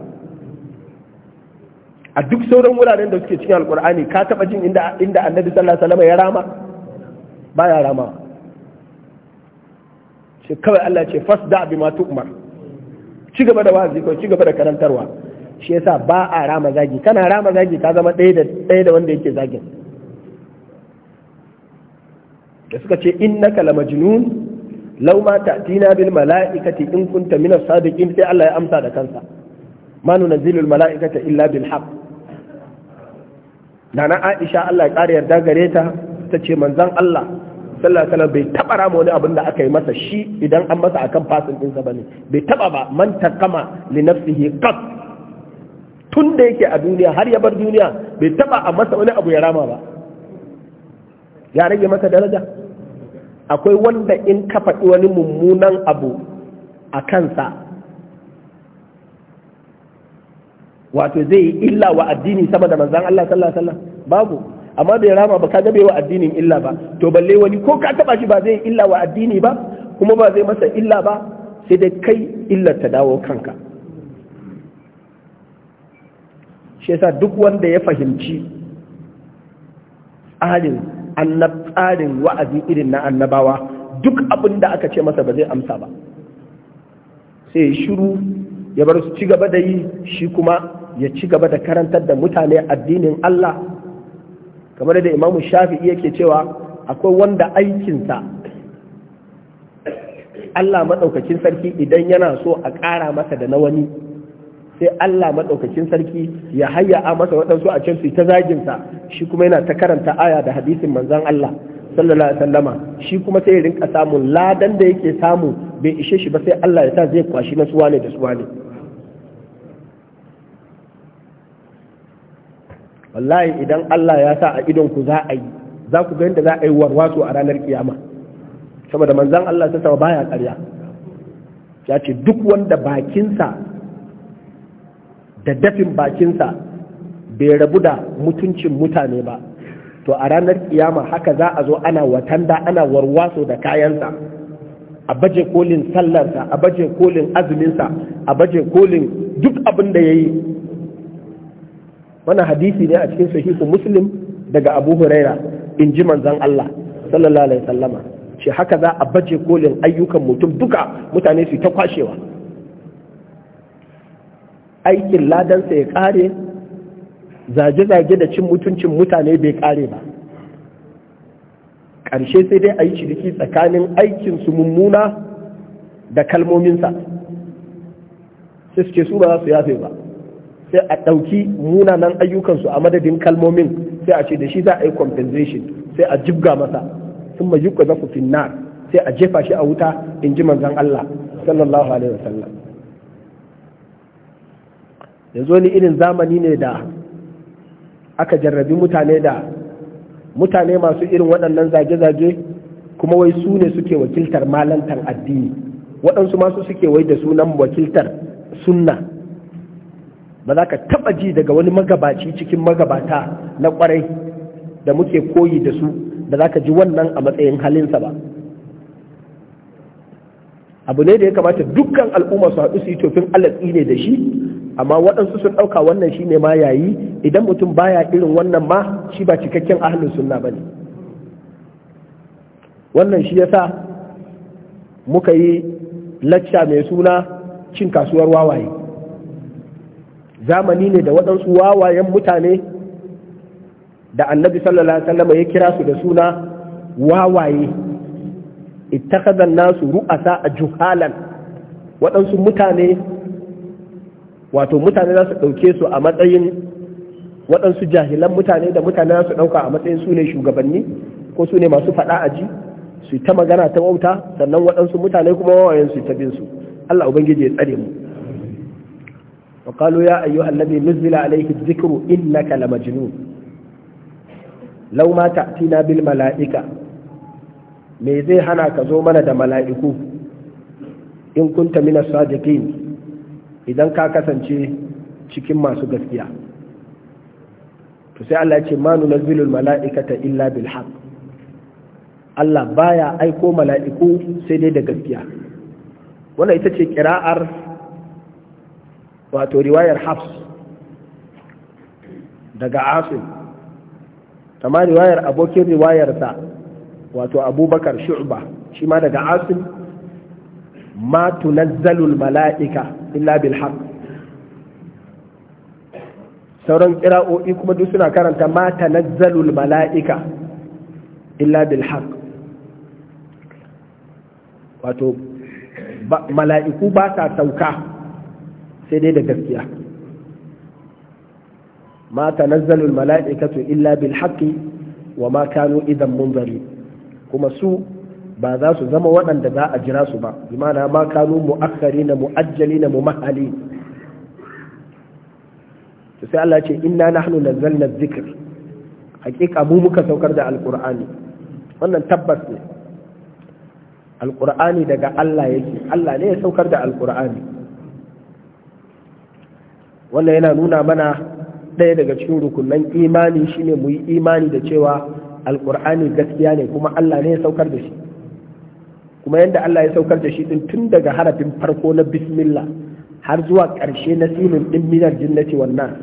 a duk sauran wuraren da suke cikin alkur'ani ka taba jin inda inda annabi sallallahu alaihi wasallam ya rama baya rama shi kawai Allah ce fasda ma tu'mar ci gaba da wazi ko ci gaba da karantarwa shi yasa ba a rama zagi kana rama zagi ka zama ɗaya da ɗaya da wanda yake zagin da suka ce innaka lamajnun law ma ta'tina in kunta min as sai Allah ya amsa da kansa ma nunzilul illa bil haqq nana Aisha Allah ya kare yarda gare ta tace manzan Allah sallallahu alaihi bai taba rama wani abin da aka yi masa shi idan an masa akan fasin din sa bai taba ba man takama li nafsihi qat tun da yake a duniya har ya bar duniya bai taba a masa wani abu ya rama ba ya rage masa daraja akwai wanda in ka faɗi wani mummunan abu a kansa wato zai yi illa wa addini sama da manzan Allah sallallahu alaihi wasallam babu amma bai rama ba ka bai wa addinin illa ba to balle wani ko ka taba shi ba zai illa wa addini ba kuma ba zai masa illa ba sai dai kai illar ta dawo kanka shi yasa duk wanda ya fahimci ahalin annab tsarin wa'azi irin na annabawa duk abin da aka ce masa ba zai amsa ba sai ya shiru ya bar su ci gaba da yi shi kuma ya ci gaba da karantar da mutane addinin Allah kamar da imamu shafi'i yake cewa akwai wanda aikinsa Allah maɗaukakin sarki idan yana so a ƙara masa da na wani sai Allah maɗaukakin sarki ya hayya a masa waɗansu a can su ta zaginsa shi kuma yana ta karanta aya da hadisin manzan Allah sallallahu alaihi wasallama shi kuma sai ya rinka samun ladan da yake samu bai ishe shi ba sai Allah ya sa zai kwashi na suwa ne da suwa ne wallahi idan Allah ya sa a idon ku za a yi za ku ga yadda za a yi warwaso a ranar kiyama saboda manzan Allah ta sa baya ƙarya ya ce duk wanda bakinsa da dafin bakinsa bai rabu da mutuncin mutane ba to a ranar kiyama haka za a zo ana watanda ana warwaso da kayansa a baje kolin sallarsa a baje kolin azuminsa a baje kolin duk abin da ya yi wani hadisi ne a cikin sahihu muslim daga abu huraira in ji manzan allah sallallahu alaihi sallama shi haka za a baje kolin ayyukan mutum duka mutane su ta kwashewa aikin ladansa ya kare zage-zage da cin mutuncin mutane bai kare ba ƙarshe sai dai a yi ciniki tsakanin aikinsu mummuna da kalmominsa sai suke su ba za su yafe ba sai a ɗauki munanan ayyukansu a madadin kalmomin sai a ce da shi za a yi compensation sai a jibga masa sun yi kwa finnar sai a jefa shi a wuta in ji manzan Allah sallallahu alaihi wasallam yanzu wani irin zamani ne da aka jarrabi mutane da mutane masu irin waɗannan zage-zage kuma wai su ne suke wakiltar malantar addini waɗansu masu suke wai da sunan wakiltar sunna ba za ka taɓa ji daga wani magabaci cikin magabata na ƙwarai da muke koyi da su da za ka ji wannan a matsayin halinsa ba abu ne da ya kamata dukkan al'umma su haɗu su yi tofin alatsi ne da shi amma waɗansu sun ɗauka wannan shine ma yayi idan mutum baya irin wannan ma shi ba cikakken ahlin sunna ba ne. wannan shi yasa muka yi lacca mai suna cin kasuwar wawaye zamani ne da waɗansu wawayen mutane da annabi sallallahu alaihi wasallam ya kira su da suna wawaye ittakhadha nasu ru'asa juhalan waɗansu mutane wato mutane za su ɗauke su a matsayin waɗansu jahilan mutane da mutane za su ɗauka a matsayin su ne shugabanni ko su ne masu faɗa a ji su ta magana ta wauta sannan waɗansu mutane kuma wawayen su ta bin su Allah ubangiji ya tsare mu wa qalu ya ayyuhal ladhi nuzila alayhi dhikru innaka la majnun law ma ta'tina bil mala'ika me zai hana ka zo mana da mala'iku in kunta minas sadiqin idan ka kasance cikin masu gaskiya to sai Allah ya ce ma nunazzilul mala'ikata illa bil haqq Allah baya aiko mala'iku sai dai da gaskiya wannan ita ce kira'ar wato riwayar Hafs daga Asim kama riwayar abokin riwayarsa wato Abubakar Shu'ba shi ma daga Asim ma tunazzalul mala'ika illa bil haqq sauran kira'o'i kuma duk suna karanta ma tanazzalul mala'ika illa bil haqq wato mala'iku ba sa sauka sai dai da gaskiya ma tanazzalul mala'ikatu illa bil haqqi wa ma kano idan munzari kuma su ba za su zama waɗanda za a jira su ba imana ma kanu mu'akkari na mu'ajjali na mu'mahali to sai Allah ce inna nahnu nazzalna dhikr hakika mu muka saukar da alqur'ani wannan tabbas ne alqur'ani daga Allah yake Allah ne ya saukar da alqur'ani wannan yana nuna mana ɗaya daga cikin rukunan imani shine mu yi imani da cewa Alƙur'ani gaskiya ne kuma Allah ne ya saukar da shi kuma yadda Allah ya saukar da shi din tun daga harafin farko na bismillah har zuwa ƙarshe na sinin din minar jinnati wannan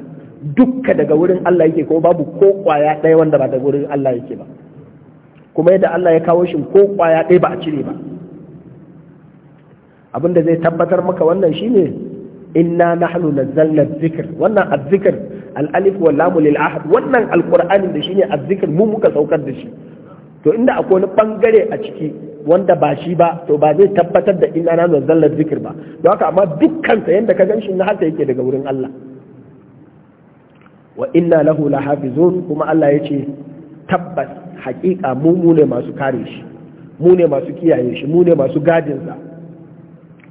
dukka daga wurin Allah yake kuma babu ko kwaya ɗaya wanda ba daga wurin Allah yake ba kuma yadda Allah ya kawo shi ko kwaya ɗaya ba a cire ba abin da zai tabbatar maka wannan shine inna nahnu nazzalna dhikr wannan azzikr al alif wal lam lil ahad wannan alqur'ani da shine azzikr mu muka saukar da shi to inda akwai wani bangare a ciki wanda ba shi ba to ba zai tabbatar da ina nan zallar zikir ba don haka amma dukkan sa yanda ka ganshi na haka yake daga wurin Allah wa inna lahu hafizun kuma Allah yace tabbas hakika mu mu ne masu kare shi mu ne masu kiyaye shi mu ne masu gadin sa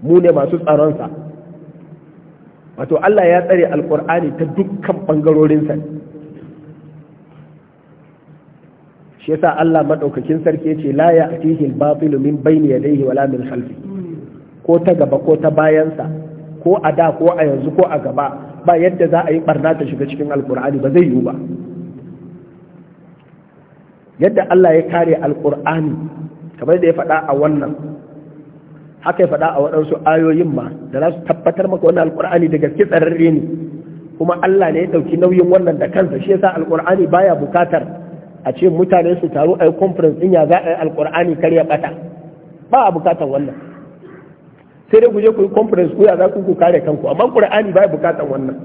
mu ne masu tsaron sa wato Allah ya tsare alqur'ani ta dukkan bangarorin sa shi yasa Allah madaukakin sarki yace la ya'tihi al-batil min bayni yadayhi wala min khalfi ko ta gaba ko ta bayansa ko a da ko a yanzu ko a gaba ba yadda za a yi barna ta shiga cikin alkur'ani ba zai yiwu ba yadda Allah ya kare alkur'ani kamar da ya faɗa a wannan haka ya faɗa a waɗansu ayoyin ma da za su tabbatar maka wannan alkur'ani da gaske tsararre ne kuma Allah ne ya ɗauki nauyin wannan da kansa shi yasa alkur'ani baya bukatar a ce mutane su taru a yi conference din ya za a yi alkur'ani kar ya bata ba a bukatan wannan sai dai guje ku yi conference ku ya za ku kare kanku amma qur'ani ba ya bukatan wannan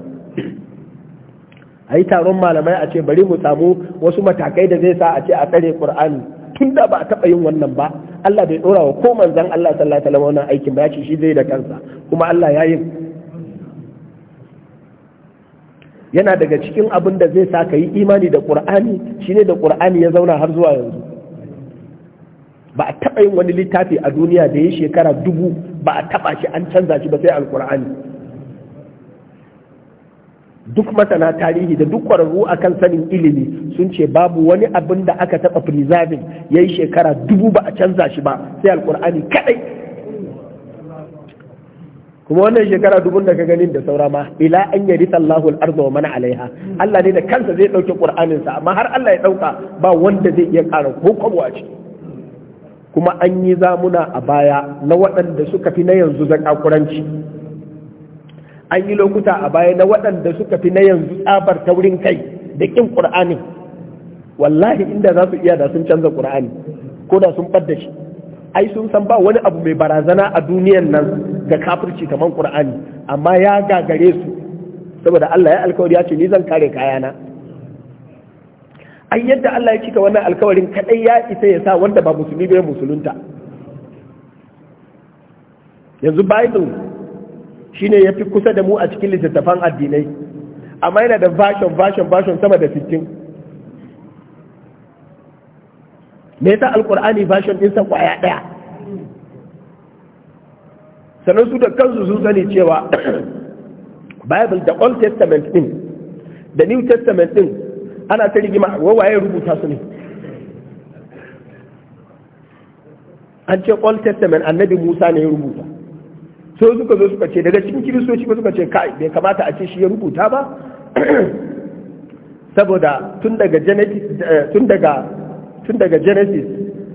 a yi taron malamai a ce bari mu samu wasu matakai da zai sa a ce a tsare qur'ani tun da ba a taɓa yin wannan ba Allah bai ɗora wa ko manzan Allah sallallahu alaihi wasallam wannan aikin ba ya ce shi zai da kansa kuma Allah ya yi yana daga cikin abin da zai sa ka yi imani da ƙur'ani shine da ƙur'ani ya zauna har zuwa yanzu ba a taɓa yin wani littafi a duniya da ya shekara dubu ba a taɓa shi an canza shi ba sai alƙur'ani duk masana tarihi da duk ƙwararru a kan sanin ilimi sun ce babu wani abin da aka taɓa preserving ya yi shekara dubu ba a canza shi ba sai alƙur'ani kaɗai kuma wannan shekara dubun da ka ganin da saura ma ila an yari sallahu al-ardu wa man alaiha Allah ne da kansa zai dauke qur'anin sa amma har Allah ya dauka ba wanda zai iya ƙara ko kwabo a kuma an yi zamuna a baya na waɗanda suka fi na yanzu zakakuranci an yi lokuta a baya na waɗanda suka fi na yanzu tsabar taurin kai da kin qur'anin wallahi inda za su iya da sun canza qur'ani ko da sun fadda shi ai sun san ba wani abu mai barazana a duniyan nan ga kafirci kamar qur'ani amma ya gagare su saboda Allah ya alkawari ya ce ni zan kare kayana ai yadda Allah ya cika wannan alkawarin kadai ya isa ya sa wanda ba musulmi ba musulunta yanzu bible shine ya fi kusa da mu a cikin littattafan addinai amma yana da version version version sama da 15 Mai ta alkur'ani fashon ɗinsa kwaya ɗaya. sannan su da kansu sun sani cewa bible da old testament ɗin da new testament ɗin ana ta rigima wawaye rubuta su ne an ce old testament annabi musa ne ya rubuta So suka zo suka ce daga cikin kiristoci ba suka ce kai bai kamata a ce shi ya rubuta ba saboda tun daga eh, tun daga genesis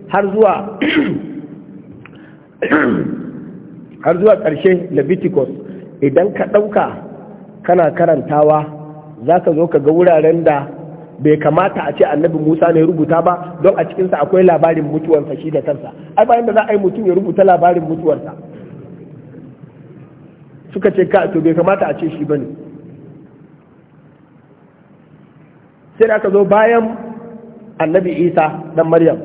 har zuwa ƙarshe leviticus idan ka ɗauka kana karantawa za ka zo ka ga wuraren da bai kamata a ce annabi musa ne rubuta ba don a cikinsa akwai labarin mutuwarsa shi da kansa ai bayan da za a yi mutum ya rubuta labarin mutuwarsa suka ce ka to bai kamata a ce shi ba ne sai da aka zo bayan annabi isa dan maryam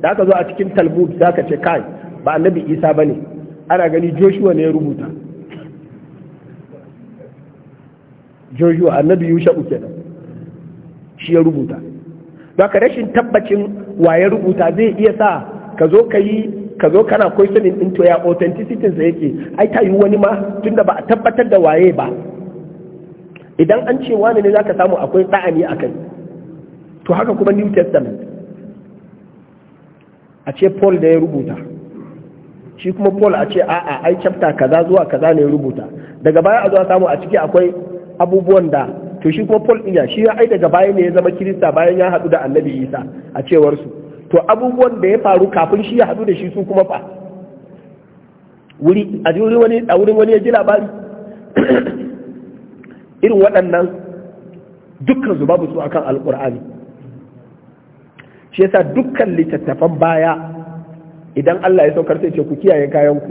da aka zo a cikin talmud za ka ce kai ba annabi isa ba ne ana gani joshua ne ya rubuta joshua annabi yusha uke nan shi ya rubuta Da ka rashin tabbacin wa ya rubuta zai iya sa ka zo ka yi ka zo kana questioning din to ya authenticity sa yake ai ta yi wani ma tunda ba a tabbatar da waye ba idan an ce wani ne zaka samu akwai a akai to haka kuma new testament a ce paul da ya rubuta shi kuma paul a ce a'a ai chapta kaza zuwa kaza ne ya rubuta daga baya a zuwa samu a ciki akwai abubuwan da to shi kuma paul ɗin shi ai daga baya ne ya zama kirista bayan ya haɗu da annabi isa a cewar su to abubuwan da ya faru kafin shi ya haɗu da shi su kuma fa wuri a wurin wani a wurin wani ya ji labari irin waɗannan dukkan su babu su akan alƙur'ani shi yasa dukkan littattafan baya idan Allah ya saukar sai ce ku kiyaye kayan ku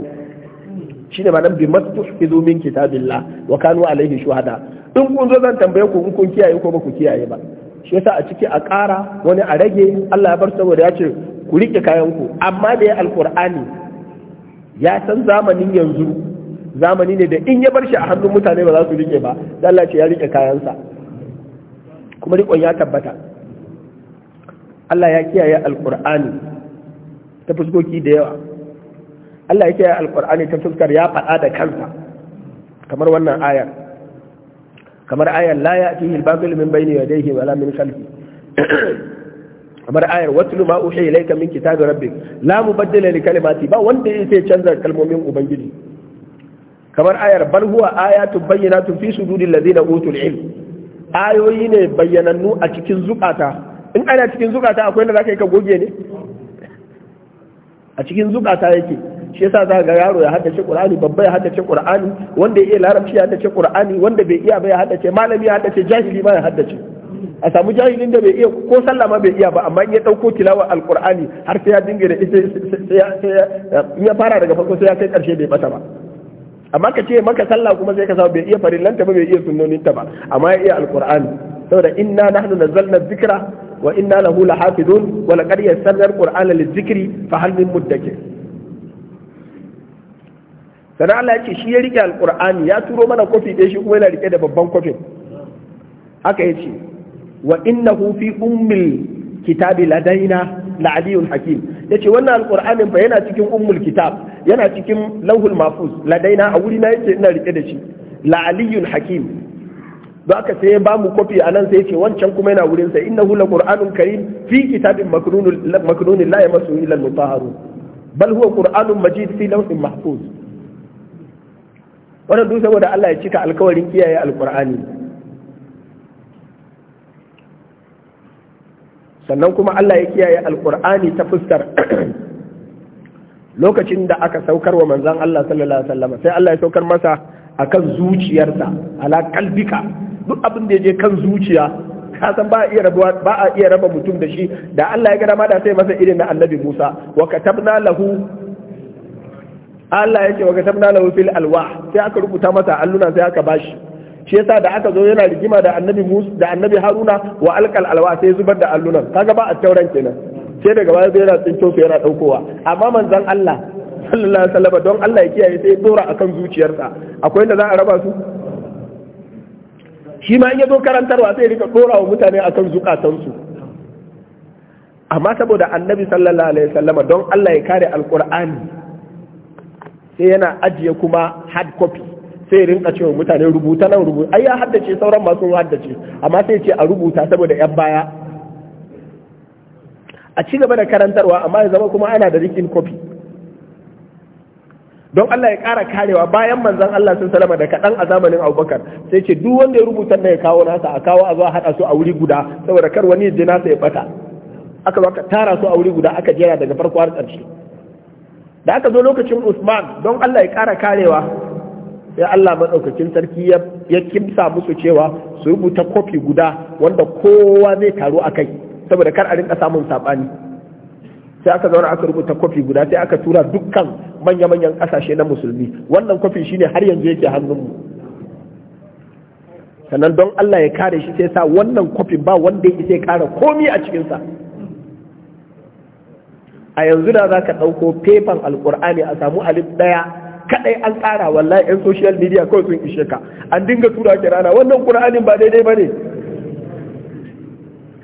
ne malam bi mastuhfizu min kitabillah wa kanu alaihi shuhada in kun zo zan tambaye ku in kun kiyaye ko ba ku kiyaye ba shi yasa a ciki a ƙara wani a rage Allah ya bar saboda ya ce ku rike kayan ku amma da ya alqur'ani ya san zamanin yanzu zamani ne da in ya bar shi a hannun mutane ba za su rike ba dan Allah ya rike kayansa kuma rikon ya tabbata Allah ya kiyaye Alƙur'ani ta fuskoki da yawa Allah ya kiyaye Alƙur'ani ta fuskar ya faɗa da kansa kamar wannan ayar kamar ayar la ya'tihi al-batil min bayni yadayhi wala min khalfi kamar ayar watlu ma uhiya ilayka min kitabi rabbik la mubaddila li kalimati ba wanda yake canza kalmomin ubangiji kamar ayar bal huwa ayatun bayyinatun fi suduril ladina utul ilm ayoyi ne bayyanannu a cikin zukata in ana cikin zukata akwai da zaka yi ka goge ne a cikin zukata yake shi yasa za ga yaro ya haddace qur'ani babba ya haddace qur'ani wanda ya iya larabci ya haddace qur'ani wanda bai iya ba ya haddace malami ya haddace jahili ma ya haddace a samu jahilin da bai iya ko sallah ma bai iya ba amma in ya dauko tilawa alqur'ani har sai ya dinga da ita sai ya fara daga farko sai ya kai karshe bai bata ba amma ka ce maka sallah kuma sai ka samu bai iya farillanta ba bai iya sunnoninta ba amma ya iya alqur'ani saboda inna nahnu nazzalna dhikra wa inna lahu lahafidun wa laqad yassarna al-qur'ana lidh-dhikri fa hal min muddakir sana Allah ya shi ya rike alqur'ani ya turo mana kofi ɗaya shi kuma yana rike da babban kofin haka yace ce wa innahu fi ummil kitabi ladaina la hakim yace wannan alqur'anin fa yana cikin ummul kitab yana cikin lauhul mahfuz ladaina a wuri na yace ina rike da shi la hakim za ka sai ba mu kofi a nan sai ce wancan kuma yana wurin sai innahu la qur'anun karim fi kitabin maknunun la yamassu illa al bal huwa qur'anun majid fi lawhin mahfuz wannan duk saboda Allah ya cika alkawarin kiyaye alqur'ani sannan kuma Allah ya kiyaye alqur'ani ta fuskar lokacin da aka saukar wa manzon Allah sallallahu alaihi wasallam sai Allah ya saukar masa akan zuciyarsa ala kalbika duk abin da ya je kan zuciya ka san ba iya rabuwa ba a iya raba mutum da shi da Allah ya ga dama da sai masa irin na Annabi Musa wa katabna lahu Allah ya ce wa katabna lahu fil alwah sai aka rubuta masa alluna sai aka bashi shi yasa da aka zo yana rigima da Annabi Musa da Annabi Haruna wa alqal alwah sai zubar da allunan kaga ba a tauran kenan sai daga baya sai yana tsinko yana daukowa amma manzon Allah sallallahu alaihi wasallam don Allah ya kiyaye sai dora akan zuciyarsa akwai inda za a raba su shi ma yi ya zo karantarwa sai rika ɗora wa mutane a kan zukatansu amma saboda annabi sallallahu alaihi sallama don Allah ya kare alqur'ani sai yana ajiye kuma hard copy sai rinka cewa mutane rubuta nan rubuta ai ya haddace sauran masu haddace amma sai ce a rubuta saboda yan baya a ci gaba da karantarwa amma ya zama kuma ana da rikin copy don Allah ya ƙara karewa bayan manzan Allah sun salama da kaɗan a zamanin Abubakar sai ce duk wanda ya rubuta na ya kawo nasa a kawo a zo a haɗa su a wuri guda saboda kar wani ya nasa ya bata aka zaka tara su a wuri guda aka jera daga farko har ƙarshe da aka zo lokacin Usman don Allah ya ƙara karewa sai Allah maɗaukakin sarki ya kimsa musu cewa su rubuta kofi guda wanda kowa zai taru a kai saboda kar a rinka samun saɓani. sai aka zauna aka rubuta kofi guda sai aka tura dukkan manya-manyan kasashe na musulmi wannan kofi shine har yanzu yake hannunmu sannan don Allah ya kare shi sai sa wannan kofi ba wanda ya sai kara komi a cikinsa a yanzu da za ka ɗauko fefan alkur'ani a samu alif ɗaya kaɗai an tsara wallahi 'yan social media kawai sun ishe ka an dinga tura ki rana wannan kur'anin ba daidai ba ne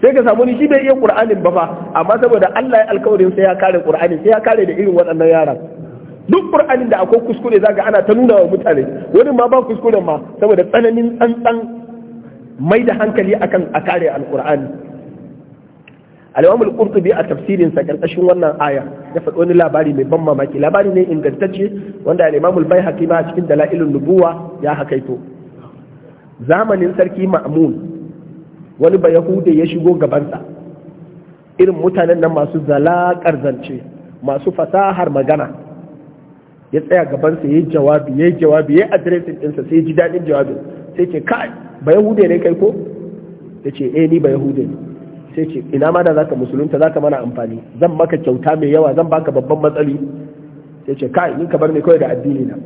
sai ka samu ni shi bai iya qur'anin ba fa amma saboda Allah ya alkawarin sai ya kare qur'anin sai ya kare da irin waɗannan yaran duk qur'anin da akwai kuskure zaka ana ta nuna wa mutane wani ma ba kuskuren ma saboda tsananin tsantsan mai da hankali akan a kare alqur'ani al-imam al-qurtubi a tafsirin sa karkashin wannan aya ya faɗi wani labari mai ban mamaki labari ne ingantacce wanda al-imam al-baihaqi ma a cikin dalailun nubuwa ya hakaito zamanin sarki ma'mun wani ba yahude ya shigo gabansa irin mutanen nan masu zalakar zance masu fasahar magana ya tsaya gabansa ya yi jawabi ya yi jawabi ya yi adiresin ɗinsa sai ji daɗin jawabin sai ce kai ba yahude ne kai ko ya ce eh ni ba yahude ne sai ce ina ma da zaka musulunta zaka mana amfani zan maka kyauta mai yawa zan baka babban matsali sai ce kai ni ka bar ni kawai da addini na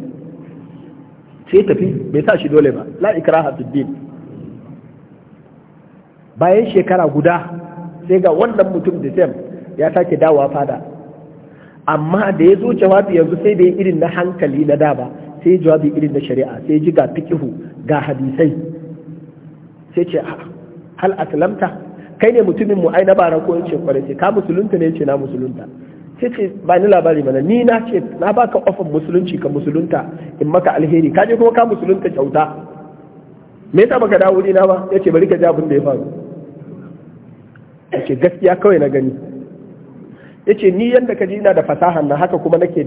sai tafi bai sa shi dole ba la ikraha fid din bayan shekara guda sai ga wannan mutum da sam ya sake dawa fada amma da ya zo jawabi yanzu sai da irin na hankali na da ba sai jawabi irin na shari'a sai ji ga fikihu ga hadisai sai ce hal aslamta kai ne mutumin mu ai na bara ko yace kware sai ka musulunta ne yace na musulunta sai ce ba ni labari mana ni na ce na baka ofan musulunci ka musulunta in maka alheri ka je kuma ka musulunta kyauta me yasa baka dawo ni na ba yace bari ka ji abin da ya faru ake gaskiya kawai na gani yace ni yadda ka da fasahan nan haka kuma nake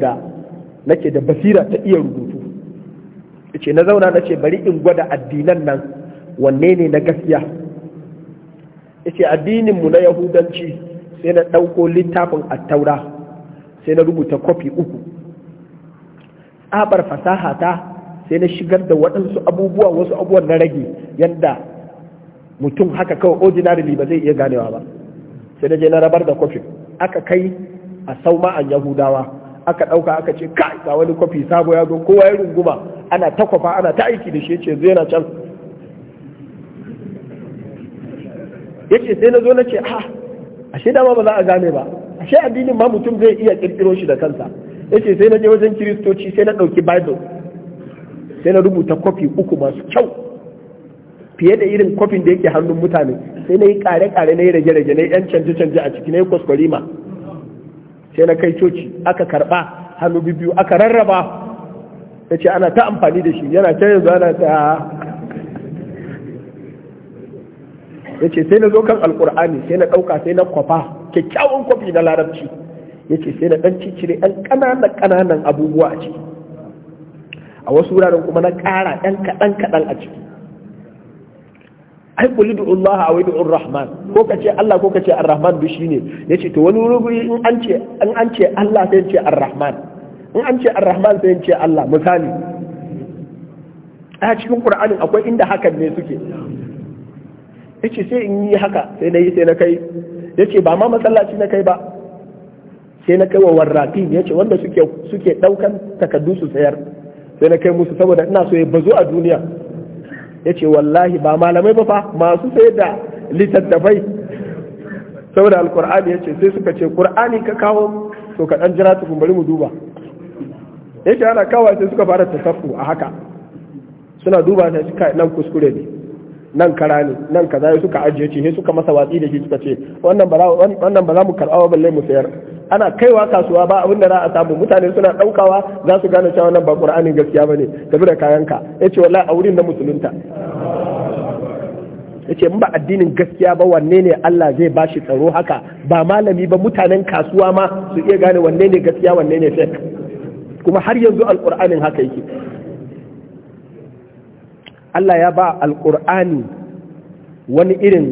da basira ta iya rubutu yace na zauna na ce bari in gwada addinan nan wanne ne na gaskiya yace addinin mu na yahudanci sai na ɗauko littafin attaura sai na rubuta kwafi uku tsabar fasaha ta sai na shigar da waɗansu abubuwa wasu abubuwan na rage yadda mutum haka kawai ordinary ba zai iya ganewa ba sai da je na rabar da kofi aka kai a sauma an yahudawa aka ɗauka aka ce kai ga wani kofi sabo ya zo kowa ya runguma ana ta kwafa ana ta aiki da shi ce zai yana can ce sai na zo na ce a ah, ashe dama ba za a gane ba ashe addinin ma mutum zai iya kirkiro shi da kansa ce sai na je wajen kiristoci sai na ɗauki bible sai na rubuta kofi uku masu kyau fiye da irin kofin da yake hannun mutane sai na yi kare-kare na yi rage-rage na yi yan canje-canje a ciki na yi kwaskwarima sai na kai coci aka karba hannu biyu aka rarraba ya ce ana ta amfani da shi yana ta yanzu ana ta ya ce sai na zo kan alkur'ani sai na ɗauka sai na kwafa kyakkyawan kwafi na larabci ya ce sai na ɗan cicire ɗan ƙananan ƙananan abubuwa a ciki a wasu wuraren kuma na ƙara ɗan kaɗan kaɗan a ciki ai kulli du'u Allah wa du'u Rahman ko kace Allah ko kace Ar-Rahman bi shine yace to wani wuri in an ce in an ce Allah sai ce Ar-Rahman in an ce Ar-Rahman sai ce Allah misali a cikin Qur'anin akwai inda hakan ne suke yace sai in yi haka sai na yi sai na kai yace ba ma masallaci na kai ba sai na kai wa warratin yace wanda suke suke daukan takaddusu su sayar sai na kai musu saboda ina so ya bazu a duniya yace wallahi ba malamai ba fa masu sai da littattafai saboda alkur'ani ya ce sai suka ce kur'ani ka kawo to ka dan jira tukun bari mu duba yace ana kawo sai suka fara tasaffu a haka suna duba ta kai nan kuskure ne nan kara ne nan kaza ya suka ajiye ce suka masa watsi da shi suka ce wannan ba za mu karɓa balle mu sayar ana kaiwa kasuwa ba abin da za a samu mutane suna ɗaukawa za su gane cewa nan ba ƙur'anin gaskiya ba ne tafi da kayanka ya ce wallahi a wurin na musulunta ya ce in ba addinin gaskiya ba wanne ne Allah zai ba shi tsaro haka ba malami ba mutanen kasuwa ma su iya gane wanne ne gaskiya wanne ne fake kuma har yanzu alƙur'anin haka yake Allah ya ba alƙur'ani wani irin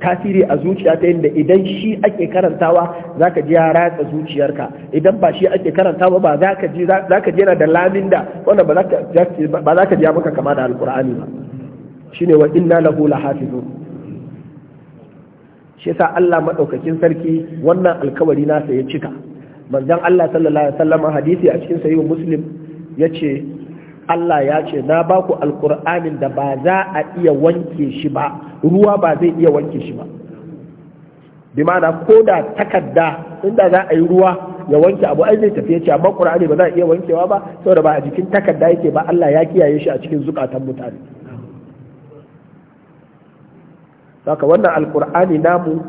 tasiri a zuciya ta yadda idan shi ake karantawa za ka ji ya ratsa zuciyarka idan ba shi ake karantawa ba za ka ji yana da lamin da wanda ba za ka ji ya maka kama da alƙur'ani ba Shi shine wa inna lahu lahafizun shi yasa Allah maɗaukakin sarki wannan alkawari nasa ya cika manzon Allah sallallahu alaihi wasallam hadisi a cikin sahih muslim ce. Allah ya ce na ba ku alkur'anin da ba za a iya wanke shi ba ruwa ba zai iya wanke shi ba bi ma'ana ko da takarda inda za a yi ruwa ya wanke abu ai zai tafi ya ce amma qur'ani ba za a iya wankewa ba saboda ba a jikin takarda yake ba Allah ya kiyaye shi a cikin zukatan mutane saka wannan alkur'ani namu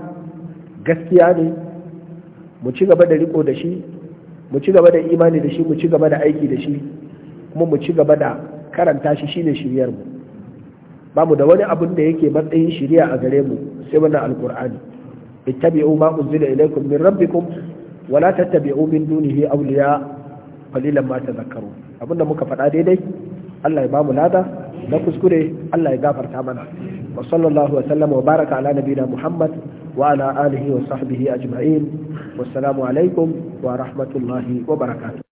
gaskiya ne mu ci gaba da riko da shi mu ci gaba da imani da shi mu ci gaba da aiki da shi kuma mu ci gaba da karanta shi shine shiryar mu ba mu da wani abin da yake matsayin shiriya a gare mu sai wannan alkur'ani ittabi'u ma unzila ilaykum min rabbikum wa la tattabi'u min dunihi awliya qalilan ma tadhakkaru abinda muka faɗa daidai Allah ya bamu lada na kuskure Allah ya gafarta mana wa sallallahu wa sallama wa baraka ala nabiyina Muhammad wa ala alihi wa sahbihi ajma'in wassalamu alaikum wa rahmatullahi wa barakatuh